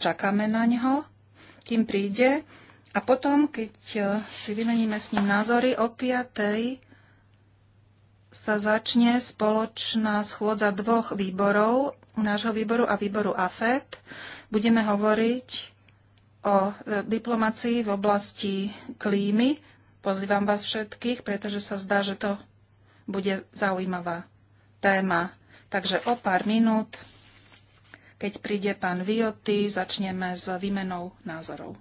Čakáme na neho, kým príde. A potom, keď si vymeníme s ním názory, o 5. sa začne spoločná schôdza dvoch výborov, nášho výboru a výboru AFET. Budeme hovoriť o e, diplomácii v oblasti klímy Pozývam vás všetkých, pretože sa zdá, že to bude zaujímavá téma. Takže o pár minút, keď príde pán Vioty, začneme s výmenou názorov.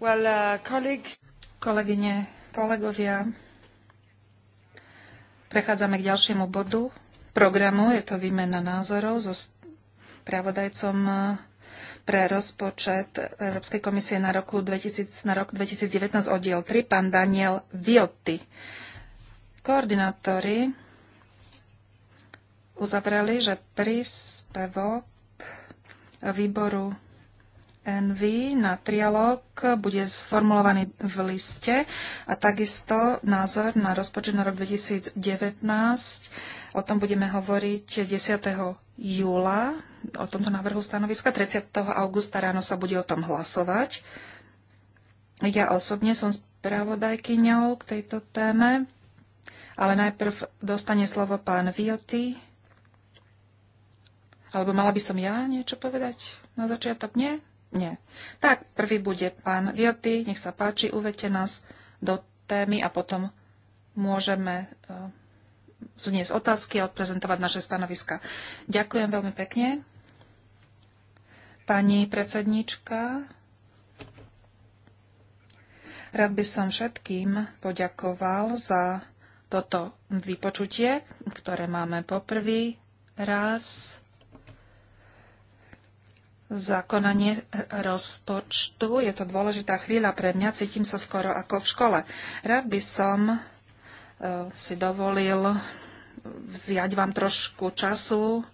Well, uh, colleagues... Kolegyne, kolegovia, prechádzame k ďalšiemu bodu programu. Je to výmena názorov so spravodajcom uh, pre rozpočet Európskej komisie na, roku 2000, na rok 2019 oddiel 3, pán Daniel Viotti. Koordinátori uzavreli, že príspevok výboru NV na trialog bude sformulovaný v liste a takisto názor na rozpočet na rok 2019. O tom budeme hovoriť 10. júla, o tomto návrhu stanoviska. 30. augusta ráno sa bude o tom hlasovať. Ja osobne som spravodajkyňou k tejto téme, ale najprv dostane slovo pán Vioty alebo mala by som ja niečo povedať na začiatok? Nie? Nie. Tak, prvý bude pán Vioty, nech sa páči, uvete nás do témy a potom môžeme eh, vzniesť otázky a odprezentovať naše stanoviska. Ďakujem veľmi pekne. Pani predsednička, rád by som všetkým poďakoval za toto vypočutie, ktoré máme poprvý raz za konanie rozpočtu. Je to dôležitá chvíľa pre mňa, cítim sa skoro ako v škole. Rád by som e, si dovolil vziať vám trošku času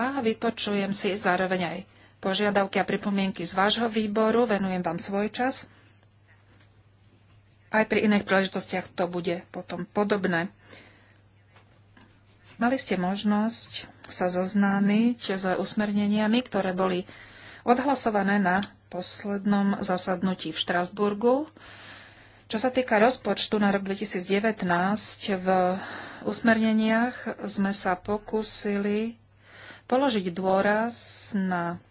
a vypočujem si zároveň aj požiadavky a pripomienky z vášho výboru, venujem vám svoj čas. Aj pri iných príležitostiach to bude potom podobné. Mali ste možnosť sa zoznámiť s usmerneniami, ktoré boli odhlasované na poslednom zasadnutí v Štrasburgu. Čo sa týka rozpočtu na rok 2019, v usmerneniach sme sa pokúsili položiť dôraz na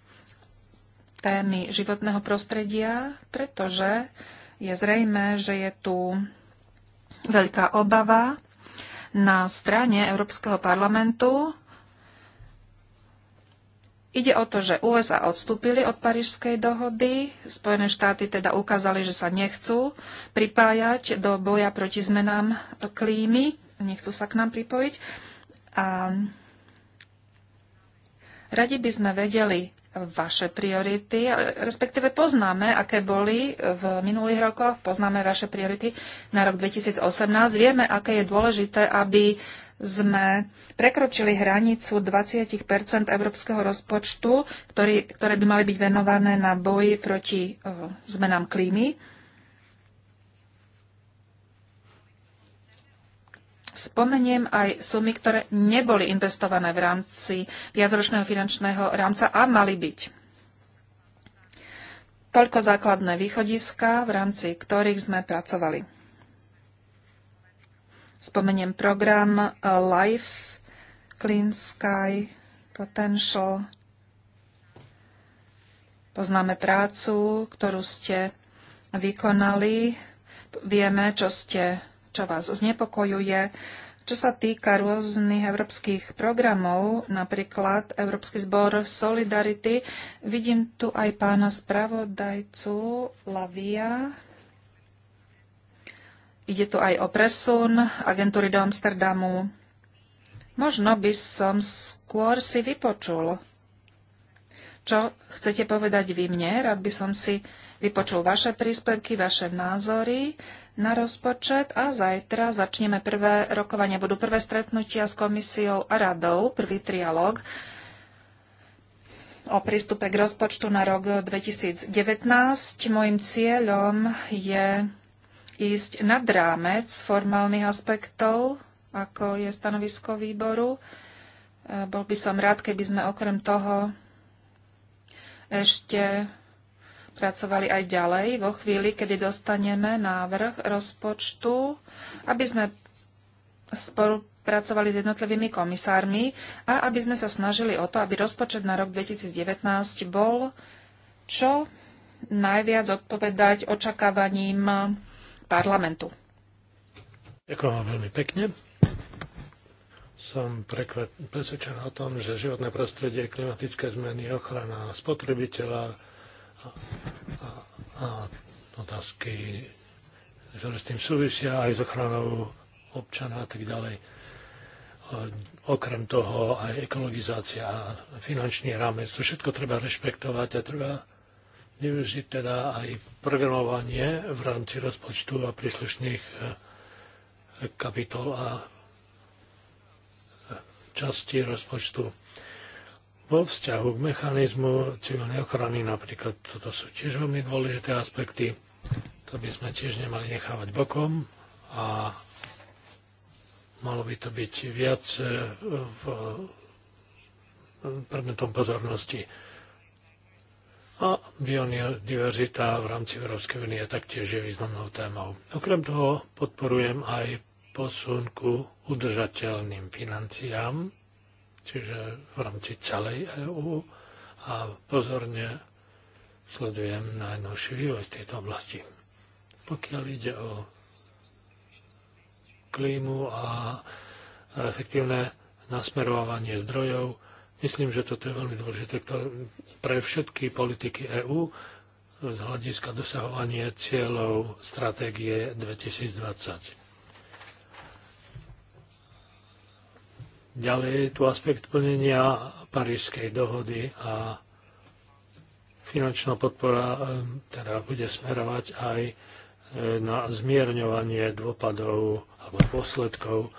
témy životného prostredia, pretože je zrejme, že je tu veľká obava na strane Európskeho parlamentu Ide o to, že USA odstúpili od Parížskej dohody, Spojené štáty teda ukázali, že sa nechcú pripájať do boja proti zmenám klímy, nechcú sa k nám pripojiť. A radi by sme vedeli vaše priority, respektíve poznáme, aké boli v minulých rokoch, poznáme vaše priority na rok 2018. Vieme, aké je dôležité, aby sme prekročili hranicu 20 európskeho rozpočtu, ktorý, ktoré by mali byť venované na boji proti uh, zmenám klímy. Spomeniem aj sumy, ktoré neboli investované v rámci viacročného finančného rámca a mali byť. Toľko základné východiska, v rámci ktorých sme pracovali. Spomeniem program uh, LIFE, Clean Sky, Potential. Poznáme prácu, ktorú ste vykonali. Vieme, čo, ste, čo vás znepokojuje. Čo sa týka rôznych európskych programov, napríklad Európsky zbor Solidarity, vidím tu aj pána spravodajcu Lavia. Ide tu aj o presun agentúry do Amsterdamu. Možno by som skôr si vypočul, čo chcete povedať vy mne. Rád by som si vypočul vaše príspevky, vaše názory na rozpočet a zajtra začneme prvé rokovania. Budú prvé stretnutia s komisiou a radou, prvý trialog o prístupe k rozpočtu na rok 2019. Mojím cieľom je ísť nad rámec formálnych aspektov, ako je stanovisko výboru. E, bol by som rád, keby sme okrem toho ešte pracovali aj ďalej vo chvíli, kedy dostaneme návrh rozpočtu, aby sme spolupracovali s jednotlivými komisármi a aby sme sa snažili o to, aby rozpočet na rok 2019 bol čo najviac odpovedať očakávaním parlamentu. Ďakujem vám veľmi pekne. Som presvedčený o tom, že životné prostredie, klimatické zmeny, ochrana spotrebiteľa a, a, a otázky, ktoré s tým súvisia aj s ochranou občana a tak ďalej. Okrem toho aj ekologizácia a finančný rámec, to všetko treba rešpektovať a treba využiť teda aj programovanie v rámci rozpočtu a príslušných eh, kapitol a eh, časti rozpočtu. Vo vzťahu k mechanizmu civilnej ochrany napríklad, toto sú tiež veľmi dôležité aspekty, to by sme tiež nemali nechávať bokom a malo by to byť viac eh, v predmetom pozornosti a biodiverzita v rámci Európskej únie taktiež je významnou témou. Okrem toho podporujem aj posun ku udržateľným financiám, čiže v rámci celej EÚ a pozorne sledujem najnovší vývoj v tejto oblasti. Pokiaľ ide o klímu a efektívne nasmerovanie zdrojov, Myslím, že toto je veľmi dôležité pre všetky politiky EÚ z hľadiska dosahovania cieľov stratégie 2020. Ďalej je tu aspekt plnenia Parížskej dohody a finančná podpora teda bude smerovať aj e, na zmierňovanie dôpadov alebo dôsledkov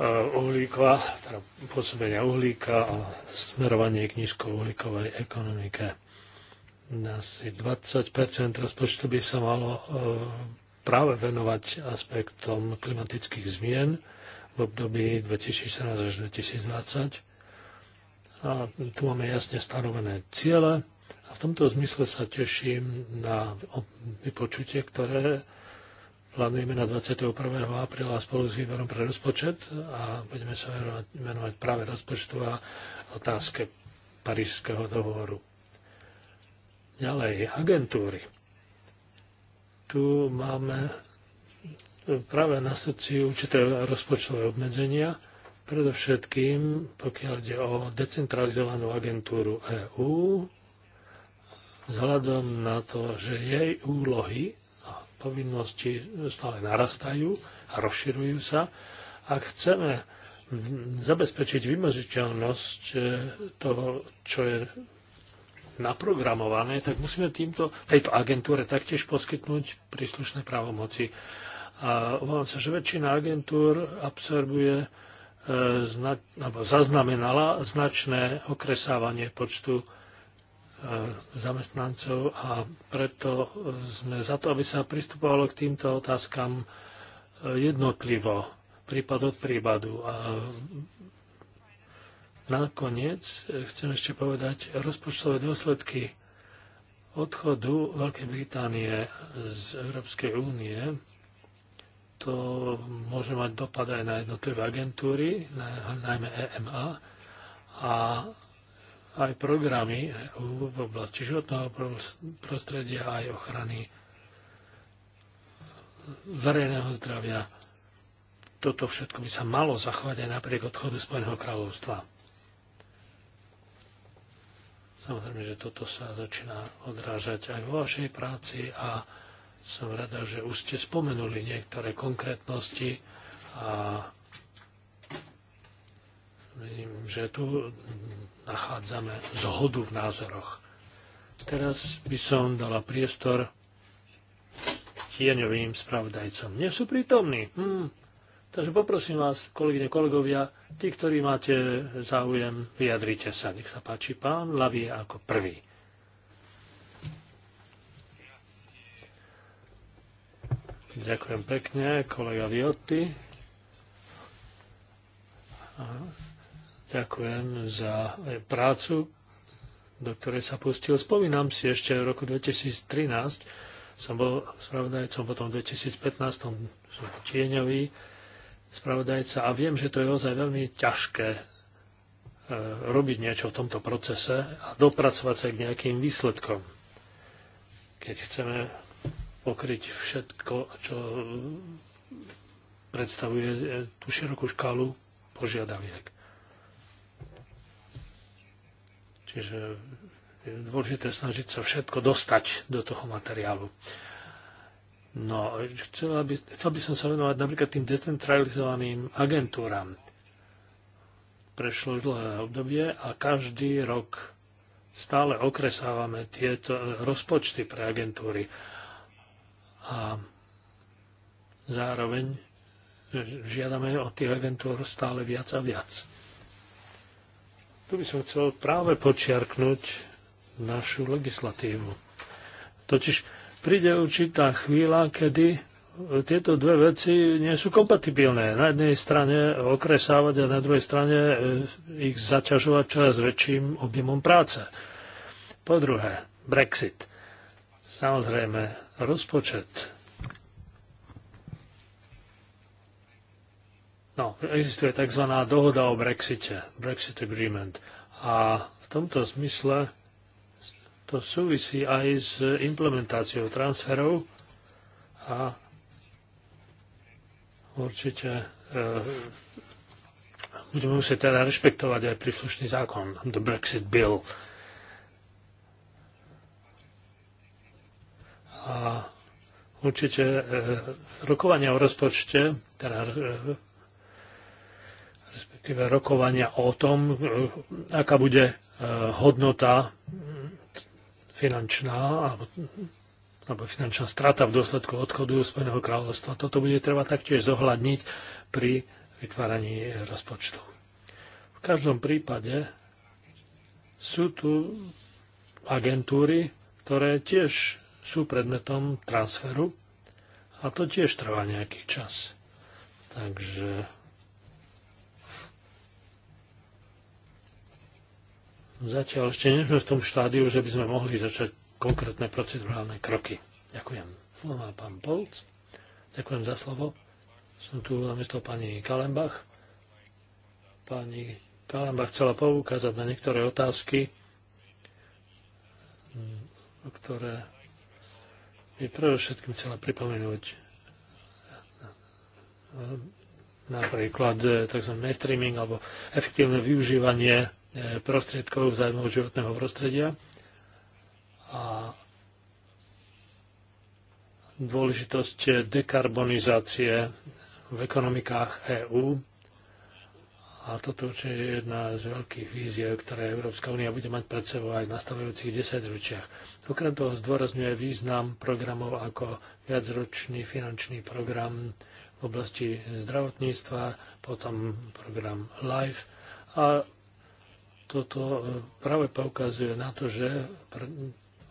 E, uhlíka, teda pôsobenia uhlíka a smerovanie k nízkouhlíkovej ekonomike. Asi 20 rozpočtu by sa malo e, práve venovať aspektom klimatických zmien v období 2014 až 2020. A tu máme jasne stanovené ciele a v tomto zmysle sa teším na vypočutie, ktoré plánujeme na 21. apríla spolu s výborom pre rozpočet a budeme sa venovať, venovať práve rozpočtu a otázke Parížského dohovoru. Ďalej, agentúry. Tu máme práve na srdci určité rozpočtové obmedzenia, predovšetkým pokiaľ ide o decentralizovanú agentúru EÚ, vzhľadom na to, že jej úlohy povinnosti stále narastajú a rozširujú sa. Ak chceme zabezpečiť vymožiteľnosť e, toho, čo je naprogramované, tak musíme týmto, tejto agentúre taktiež poskytnúť príslušné právomoci. A obávam sa, že väčšina agentúr absorbuje e, zna, alebo zaznamenala značné okresávanie počtu E, zamestnancov a preto sme za to, aby sa pristupovalo k týmto otázkam e, jednotlivo, prípad od prípadu. A nakoniec chcem ešte povedať rozpočtové dôsledky odchodu Veľkej Británie z Európskej únie to môže mať dopad aj na jednotlivé agentúry, najmä EMA. A aj programy e v oblasti životného prostredia aj ochrany verejného zdravia. Toto všetko by sa malo zachovať aj napriek odchodu Spojeného kráľovstva. Samozrejme, že toto sa začína odrážať aj vo vašej práci a som rada, že už ste spomenuli niektoré konkrétnosti a vidím, že tu nachádzame zhodu v názoroch. Teraz by som dala priestor tieňovým spravodajcom. Nie sú prítomní. Hm. Takže poprosím vás, kolegyne, kolegovia, tí, ktorí máte záujem, vyjadrite sa. Nech sa páči, pán je ako prvý. Ďakujem pekne, kolega Viotti. Aha. Ďakujem za e, prácu, do ktorej sa pustil. Spomínam si ešte v roku 2013, som bol spravodajcom, potom v 2015 som tieňový spravodajca a viem, že to je ozaj veľmi ťažké e, robiť niečo v tomto procese a dopracovať sa k nejakým výsledkom. Keď chceme pokryť všetko, čo predstavuje e, tú širokú škálu požiadaviek. Čiže je dôležité snažiť sa všetko dostať do toho materiálu. No, chcel by, chcel by som sa venovať napríklad tým decentralizovaným agentúram. Prešlo dlhé obdobie a každý rok stále okresávame tieto rozpočty pre agentúry. A zároveň žiadame od tých agentúr stále viac a viac. Tu by som chcel práve počiarknúť našu legislatívu. Totiž príde určitá chvíľa, kedy tieto dve veci nie sú kompatibilné. Na jednej strane okresávať a na druhej strane eh, ich zaťažovať čoraz väčším objemom práce. Po druhé, Brexit. Samozrejme, rozpočet No, existuje tzv. dohoda o Brexite, Brexit Agreement. A v tomto zmysle to súvisí aj s implementáciou transferov a určite e, budeme musieť teda rešpektovať aj príslušný zákon, the Brexit Bill. A určite e, rokovania o rozpočte, teda e, respektíve rokovania o tom, e, aká bude e, hodnota mm, finančná alebo, alebo finančná strata v dôsledku odchodu Spojeného kráľovstva. Toto bude treba taktiež zohľadniť pri vytváraní rozpočtu. V každom prípade sú tu agentúry, ktoré tiež sú predmetom transferu a to tiež trvá nejaký čas. Takže Zatiaľ ešte nie sme v tom štádiu, že by sme mohli začať konkrétne procedurálne kroky. Ďakujem. Slovo má pán Polc. Ďakujem za slovo. Som tu na miesto pani Kalembach. Pani Kalembach chcela poukázať na niektoré otázky, mm, ktoré by predovšetkým chcela pripomenúť napríklad e, tzv. mainstreaming alebo efektívne využívanie E, prostriedkov vzájomného životného prostredia a dôležitosť dekarbonizácie v ekonomikách EÚ. A toto určite je jedna z veľkých víziev, ktoré Európska únia bude mať pred sebou aj v nastavujúcich desaťročiach. Okrem toho zdôrazňuje význam programov ako viacročný finančný program v oblasti zdravotníctva, potom program LIFE a toto e, práve poukazuje na to, že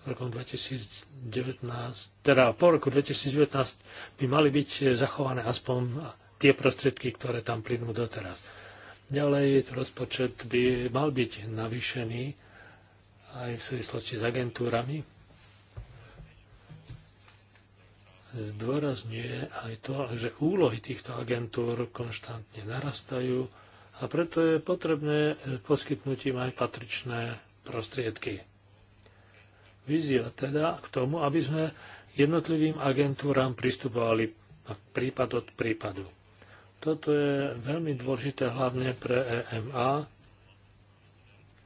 roku 2019, teda po roku 2019 by mali byť zachované aspoň tie prostriedky, ktoré tam plynú doteraz. Ďalej rozpočet by mal byť navýšený aj v súvislosti s agentúrami. Zdôrazňuje aj to, že úlohy týchto agentúr konštantne narastajú a preto je potrebné poskytnúť im aj patričné prostriedky. Vyzýva teda k tomu, aby sme jednotlivým agentúram pristupovali prípad od prípadu. Toto je veľmi dôležité hlavne pre EMA,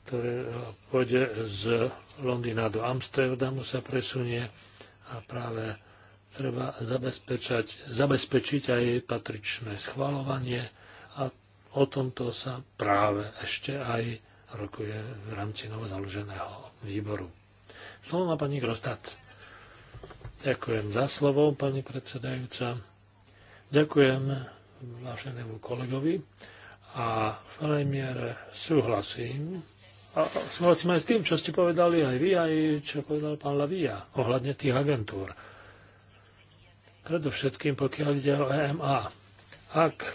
ktoré pôjde z Londýna do Amsterdamu sa presunie a práve treba zabezpečiť aj patričné schvalovanie o tomto sa práve ešte aj rokuje v rámci novozaloženého výboru. Slovo má pani Grostac. Ďakujem za slovo, pani predsedajúca. Ďakujem váženému kolegovi a v miere súhlasím. A súhlasím aj s tým, čo ste povedali aj vy, aj čo povedal pán Lavia ohľadne tých agentúr. Predovšetkým, pokiaľ ide o EMA. Ak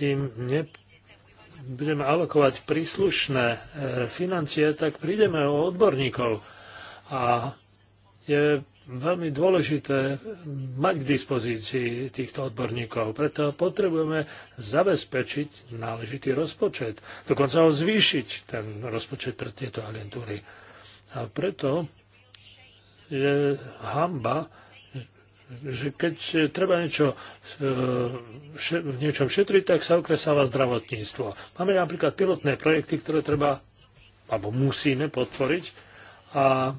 im ne, budeme alokovať príslušné e, financie, tak prídeme o odborníkov. A je veľmi dôležité mať k dispozícii týchto odborníkov. Preto potrebujeme zabezpečiť náležitý rozpočet. Dokonca ho zvýšiť, ten rozpočet pre tieto agentúry. A preto je hamba, že keď e, treba niečo, e, v niečom šetriť, tak sa okresáva zdravotníctvo. Máme napríklad pilotné projekty, ktoré treba alebo musíme podporiť a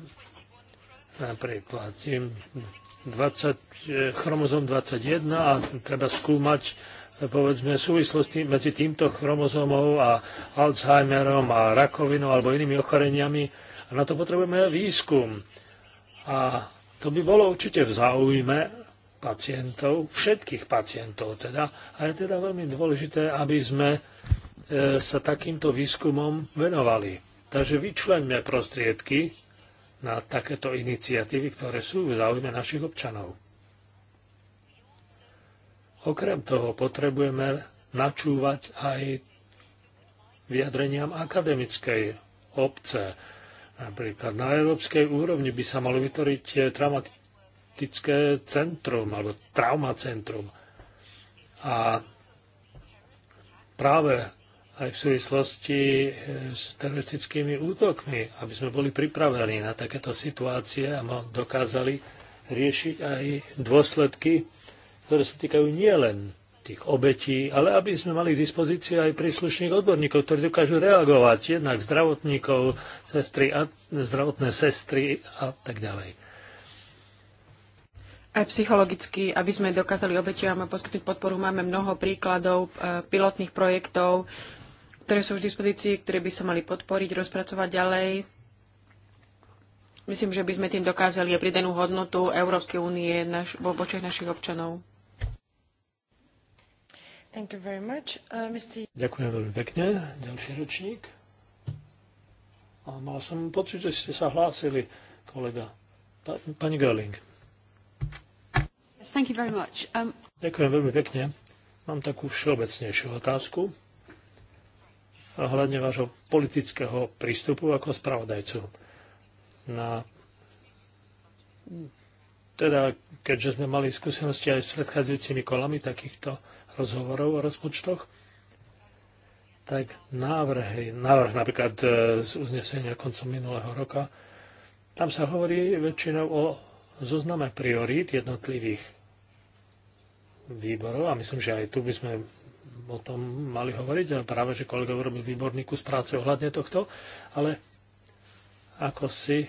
napríklad 20, e, chromozom 21 a treba skúmať povedzme súvislosti medzi týmto chromozomov a Alzheimerom a rakovinou alebo inými ochoreniami. A na to potrebujeme výskum. A to by bolo určite v záujme pacientov, všetkých pacientov teda, a je teda veľmi dôležité, aby sme e, sa takýmto výskumom venovali. Takže vyčlenme prostriedky na takéto iniciatívy, ktoré sú v záujme našich občanov. Okrem toho potrebujeme načúvať aj vyjadreniam akademickej obce, Napríklad na európskej úrovni by sa malo vytvoriť eh, traumatické centrum alebo traumacentrum. A práve aj v súvislosti eh, s teroristickými útokmi, aby sme boli pripravení na takéto situácie a dokázali riešiť aj dôsledky, ktoré sa týkajú nielen tých obetí, ale aby sme mali k dispozícii aj príslušných odborníkov, ktorí dokážu reagovať, jednak zdravotníkov, sestry a, zdravotné sestry a tak ďalej. Aj psychologicky, aby sme dokázali obetiam poskytnúť podporu, máme mnoho príkladov e, pilotných projektov, ktoré sú v dispozícii, ktoré by sa mali podporiť, rozpracovať ďalej. Myslím, že by sme tým dokázali aj pridanú hodnotu Európskej únie naš, vo očiach našich občanov. Thank you very much. Uh, Ďakujem veľmi pekne. Ďalší ročník. A mal som pocit, že ste sa hlásili, kolega. pani Görling. thank you very much. Um... Ďakujem veľmi pekne. Mám takú všeobecnejšiu otázku hľadne vášho politického prístupu ako spravodajcu. Na... Teda, keďže sme mali skúsenosti aj s predchádzajúcimi kolami takýchto rozhovorov o rozpočtoch, tak návrhy, návrh napríklad e, z uznesenia koncom minulého roka, tam sa hovorí väčšinou o zozname priorít jednotlivých výborov a myslím, že aj tu by sme o tom mali hovoriť a práve, že kolega urobil výborný kus práce ohľadne tohto, ale ako si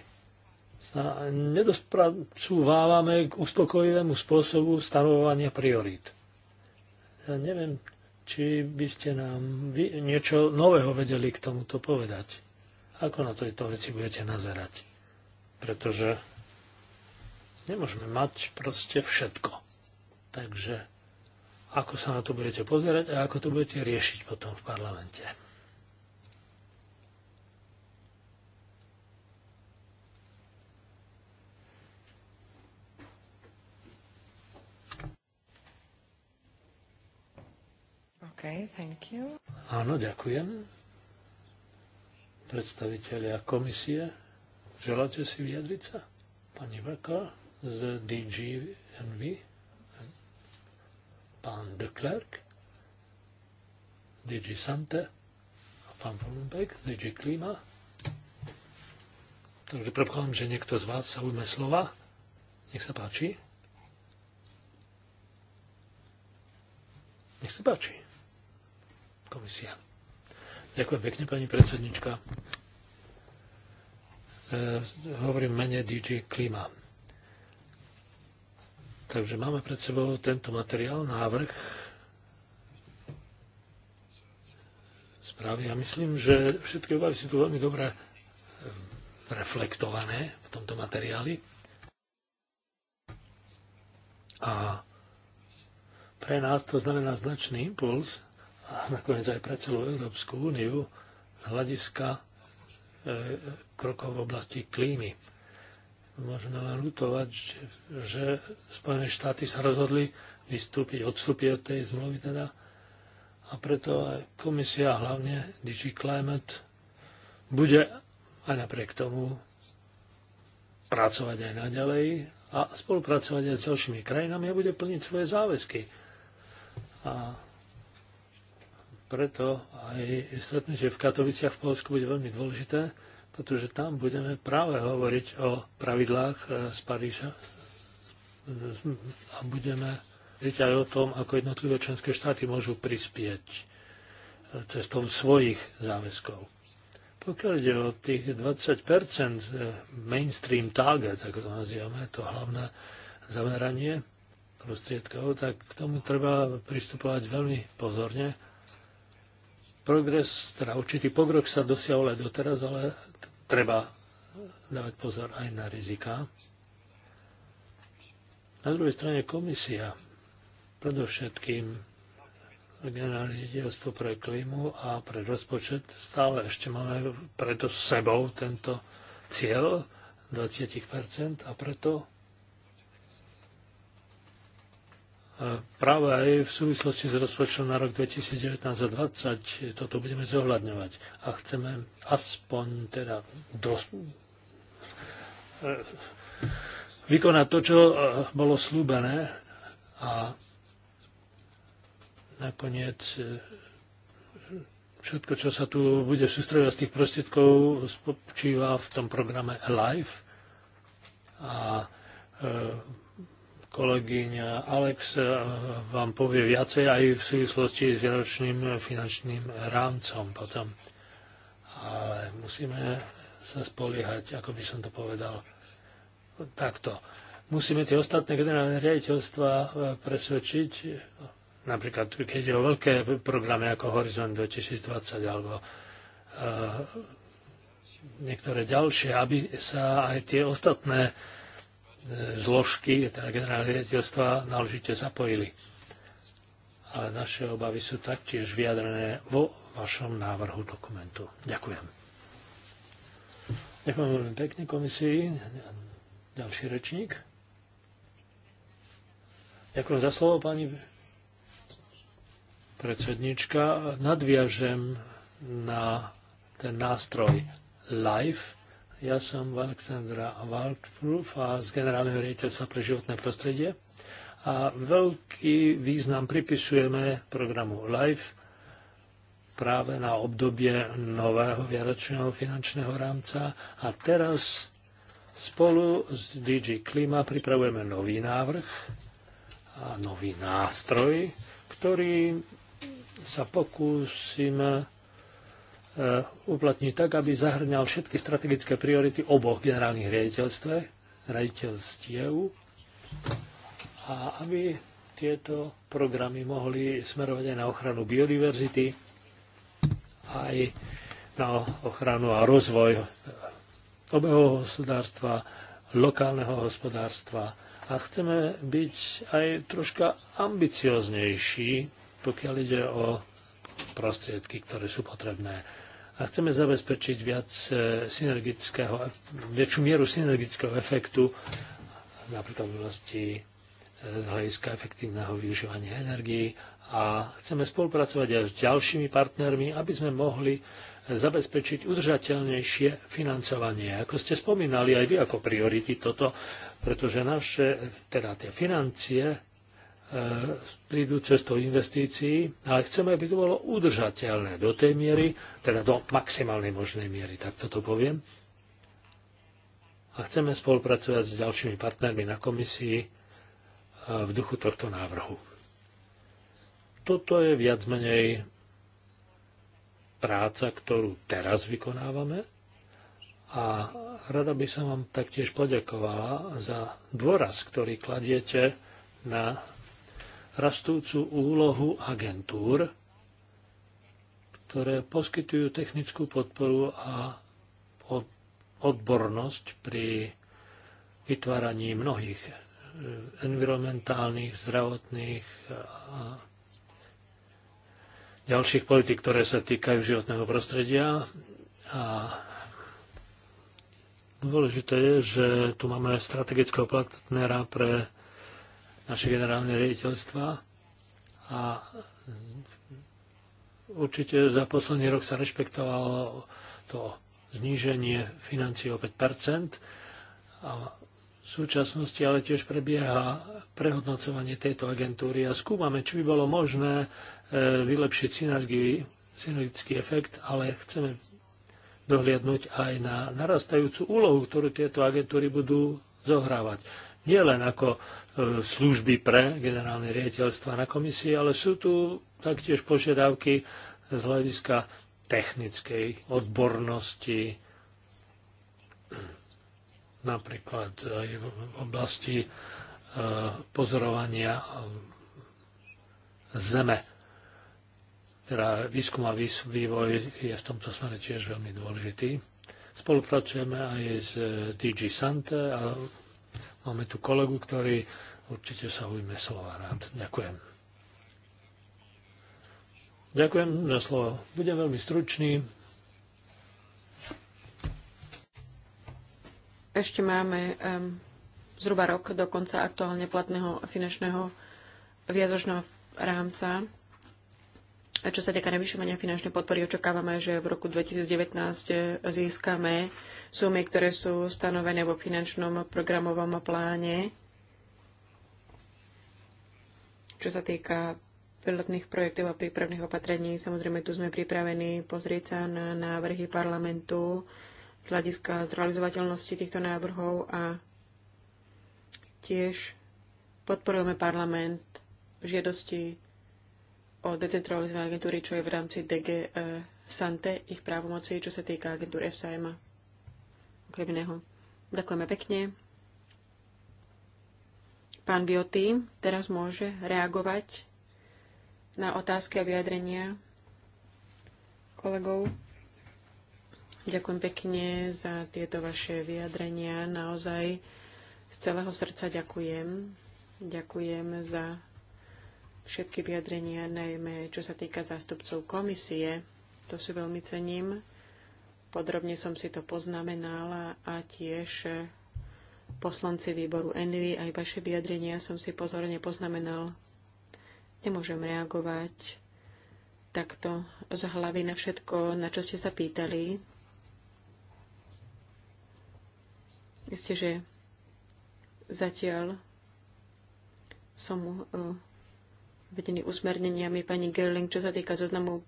sa nedospracúvávame k uspokojivému spôsobu stanovovania priorít. Ja neviem, či by ste nám vy niečo nového vedeli k tomuto povedať. Ako na tejto veci budete nazerať. Pretože nemôžeme mať proste všetko. Takže ako sa na to budete pozerať a ako to budete riešiť potom v parlamente. Okay, thank you. Áno, ďakujem. Predstaviteľia komisie, želáte si vyjadriť sa? Pani Vaka z DGNV, pán de Klerk, DG Sante a pán Volnbeck, DG Klima. Takže predpokladám, že niekto z vás sa ujme slova. Nech sa páči. Nech sa páči komisia. Ďakujem pekne, pani predsednička. E, hovorím mene DG Klima. Takže máme pred sebou tento materiál, návrh správy. Ja myslím, že všetky obavy sú tu veľmi dobre reflektované v tomto materiáli. A pre nás to znamená značný impuls a nakoniec aj pre celú Európsku úniu z hľadiska e, krokov v oblasti klímy. Možno len lutovať, že Spojené štáty sa rozhodli vystúpiť, odstúpiť od tej zmluvy teda. A preto aj komisia, hlavne DG Climate, bude aj napriek tomu pracovať aj naďalej a spolupracovať aj s ďalšími krajinami a bude plniť svoje záväzky. A preto aj že v Katoviciach v Polsku bude veľmi dôležité, pretože tam budeme práve hovoriť o pravidlách e, z Paríža e, a budeme hovoriť aj o tom, ako jednotlivé členské štáty môžu prispieť e, cestou svojich záväzkov. Pokiaľ ide o tých 20% mainstream target, ako to nazývame, to hlavné zameranie prostriedkov, tak k tomu treba pristupovať veľmi pozorne progres, teda určitý pokrok sa dosiahol aj doteraz, ale treba dávať pozor aj na rizika. Na druhej strane komisia, predovšetkým generálne dielstvo pre klímu a pre rozpočet, stále ešte máme preto sebou tento cieľ 20% a preto práve aj v súvislosti s rozpočtom na rok 2019 a 2020 toto budeme zohľadňovať. A chceme aspoň teda dos- e, vykonať to, čo e, bolo slúbené a nakoniec e, všetko, čo sa tu bude sústredovať z tých prostriedkov, spočíva v tom programe Alive. a e, kolegyňa Alex eh, vám povie viacej aj v súvislosti s výročným finančným rámcom potom. Ale musíme sa spoliehať, ako by som to povedal, takto. Musíme tie ostatné generálne riaditeľstva eh, presvedčiť, napríklad keď je o veľké programy ako Horizon 2020 alebo eh, niektoré ďalšie, aby sa aj tie ostatné zložky, teda generálne riaditeľstva, náležite zapojili. Ale naše obavy sú taktiež vyjadrené vo vašom návrhu dokumentu. Ďakujem. Ďakujem veľmi pekne komisii. Ďalší rečník. Ďakujem za slovo, pani predsednička. Nadviažem na ten nástroj LIFE ja som Alexandra a z Generálneho riaditeľstva pre životné prostredie a veľký význam pripisujeme programu LIFE práve na obdobie nového vieročného finančného rámca a teraz spolu s DG Klima pripravujeme nový návrh a nový nástroj, ktorý sa pokúsime E, uplatniť tak, aby zahrňal všetky strategické priority oboch generálnych riaditeľstve, riaditeľstiev a aby tieto programy mohli smerovať aj na ochranu biodiverzity, aj na ochranu a rozvoj obehového hospodárstva, lokálneho hospodárstva a chceme byť aj troška ambicioznejší, pokiaľ ide o prostriedky, ktoré sú potrebné a chceme zabezpečiť viac e, synergického, väčšiu mieru synergického efektu napríklad v oblasti e, z hľadiska efektívneho využívania energií a chceme spolupracovať aj s ďalšími partnermi, aby sme mohli e, zabezpečiť udržateľnejšie financovanie. Ako ste spomínali aj vy ako priority toto, pretože naše teda tie financie E, prídu cestou investícií, ale chceme, aby to bolo udržateľné do tej miery, teda do maximálnej možnej miery, tak toto poviem. A chceme spolupracovať s ďalšími partnermi na komisii e, v duchu tohto návrhu. Toto je viac menej práca, ktorú teraz vykonávame a rada by som vám taktiež poďakovala za dôraz, ktorý kladiete na rastúcu úlohu agentúr, ktoré poskytujú technickú podporu a odbornosť pri vytváraní mnohých e, environmentálnych, zdravotných a ďalších politik, ktoré sa týkajú životného prostredia. A dôležité je, že tu máme strategického partnera pre naše generálne riaditeľstva a určite za posledný rok sa rešpektovalo to zníženie financií o 5 a v súčasnosti ale tiež prebieha prehodnocovanie tejto agentúry a skúmame, či by bolo možné e, vylepšiť synergii, synergický efekt, ale chceme dohliadnúť aj na narastajúcu úlohu, ktorú tieto agentúry budú zohrávať nie len ako e, služby pre generálne riaditeľstva na komisii, ale sú tu taktiež požiadavky z hľadiska technickej odbornosti, napríklad aj v oblasti e, pozorovania e, zeme. Teda výskum a vývoj je v tomto smere tiež veľmi dôležitý. Spolupracujeme aj s DG Sante a Máme tu kolegu, ktorý určite sa ujme slova rád. Ďakujem. Ďakujem za slovo. Budem veľmi stručný. Ešte máme um, zhruba rok do konca aktuálne platného finančného viazočného rámca a čo sa týka navyšovania finančnej podpory, očakávame, že v roku 2019 získame sumy, ktoré sú stanovené vo finančnom programovom pláne. Čo sa týka pilotných projektov a prípravných opatrení, samozrejme tu sme pripravení pozrieť sa na návrhy parlamentu z hľadiska zrealizovateľnosti týchto návrhov a tiež podporujeme parlament v žiadosti o decentralizované agentúry, čo je v rámci DG eh, Sante, ich právomoci, čo sa týka agentúr FSAMA. Okrem iného. Ďakujeme pekne. Pán Bioty teraz môže reagovať na otázky a vyjadrenia kolegov. Ďakujem pekne za tieto vaše vyjadrenia. Naozaj z celého srdca ďakujem. Ďakujem za všetky vyjadrenia, najmä čo sa týka zástupcov komisie. To si veľmi cením. Podrobne som si to poznamenala a tiež eh, poslanci výboru Envy aj vaše vyjadrenia som si pozorne poznamenal. Nemôžem reagovať takto z hlavy na všetko, na čo ste sa pýtali. Isté, že zatiaľ som uh, vedený usmerneniami pani Gerling, čo sa týka zoznamu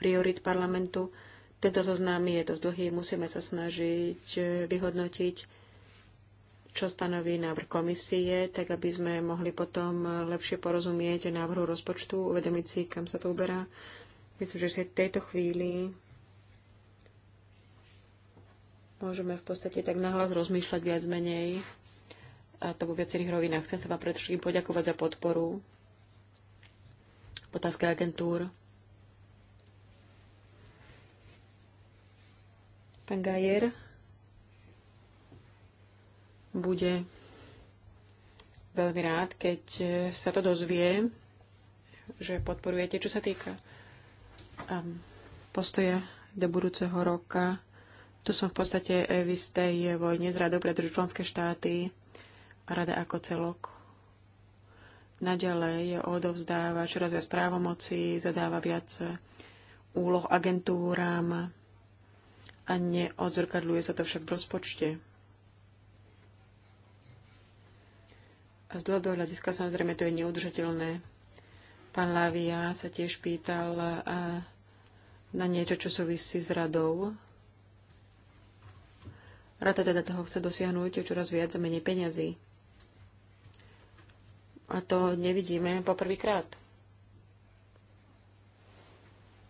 priorit parlamentu. Tento zoznam je dosť dlhý, musíme sa snažiť e, vyhodnotiť, čo stanoví návrh komisie, tak aby sme mohli potom lepšie porozumieť návrhu rozpočtu, uvedomiť si, kam sa to uberá. Myslím, že v tejto chvíli môžeme v podstate tak nahlas rozmýšľať viac menej a to vo viacerých rovinách. Chcem sa vám predovšetkým poďakovať za podporu Otázka agentúr. Pán Gajer bude veľmi rád, keď sa to dozvie, že podporujete, čo sa týka um, postoja do budúceho roka. Tu som v podstate v istej vojne s radou, pretože členské štáty a rada ako celok naďalej odovzdáva čoraz viac právomocí, zadáva viac úloh agentúram a neodzrkadľuje sa to však v rozpočte. A z dlhodobého hľadiska samozrejme to je neudržateľné. Pán Lavia sa tiež pýtal na niečo, čo súvisí s radou. Rada teda toho chce dosiahnuť čoraz viac a menej peňazí. A to nevidíme poprvýkrát.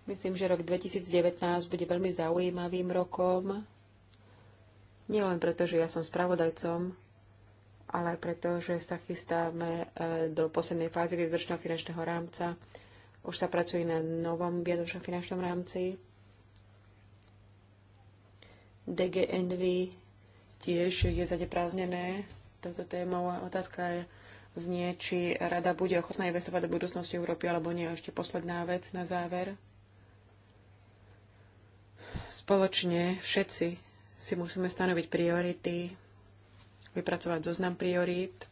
Myslím, že rok 2019 bude veľmi zaujímavým rokom. Nielen preto, že ja som spravodajcom, ale aj preto, že sa chystáme e, do poslednej fázy výzvršného finančného rámca. Už sa pracuje na novom výzvršnom finančnom rámci. DGNV tiež je zadeprázdnené. Toto témou a otázka je, znie, či rada bude ochotná investovať do budúcnosti Európy alebo nie. Ešte posledná vec na záver. Spoločne všetci si musíme stanoviť priority, vypracovať zoznam priorít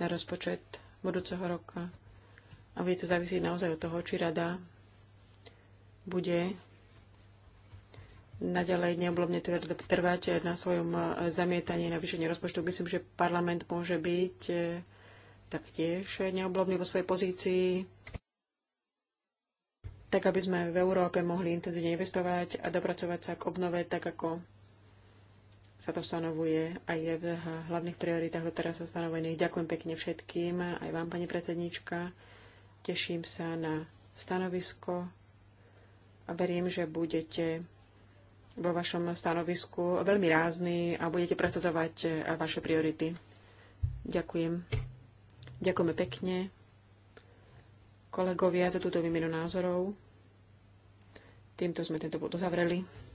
na rozpočet budúceho roka. A bude to závisí naozaj od toho, či rada bude naďalej neoblomne trvať na svojom zamietaní na vyšenie rozpočtu. Myslím, že parlament môže byť eh, taktiež neoblomný vo svojej pozícii, tak aby sme v Európe mohli intenzívne investovať a dopracovať sa k obnove tak, ako sa to stanovuje aj je v hlavných prioritách doteraz stanovených. Ďakujem pekne všetkým, aj vám, pani predsednička. Teším sa na stanovisko a verím, že budete vo vašom stanovisku veľmi rázni a budete presadzovať vaše priority. Ďakujem. Ďakujeme pekne kolegovia za túto výmenu názorov. Týmto sme tento bod uzavreli.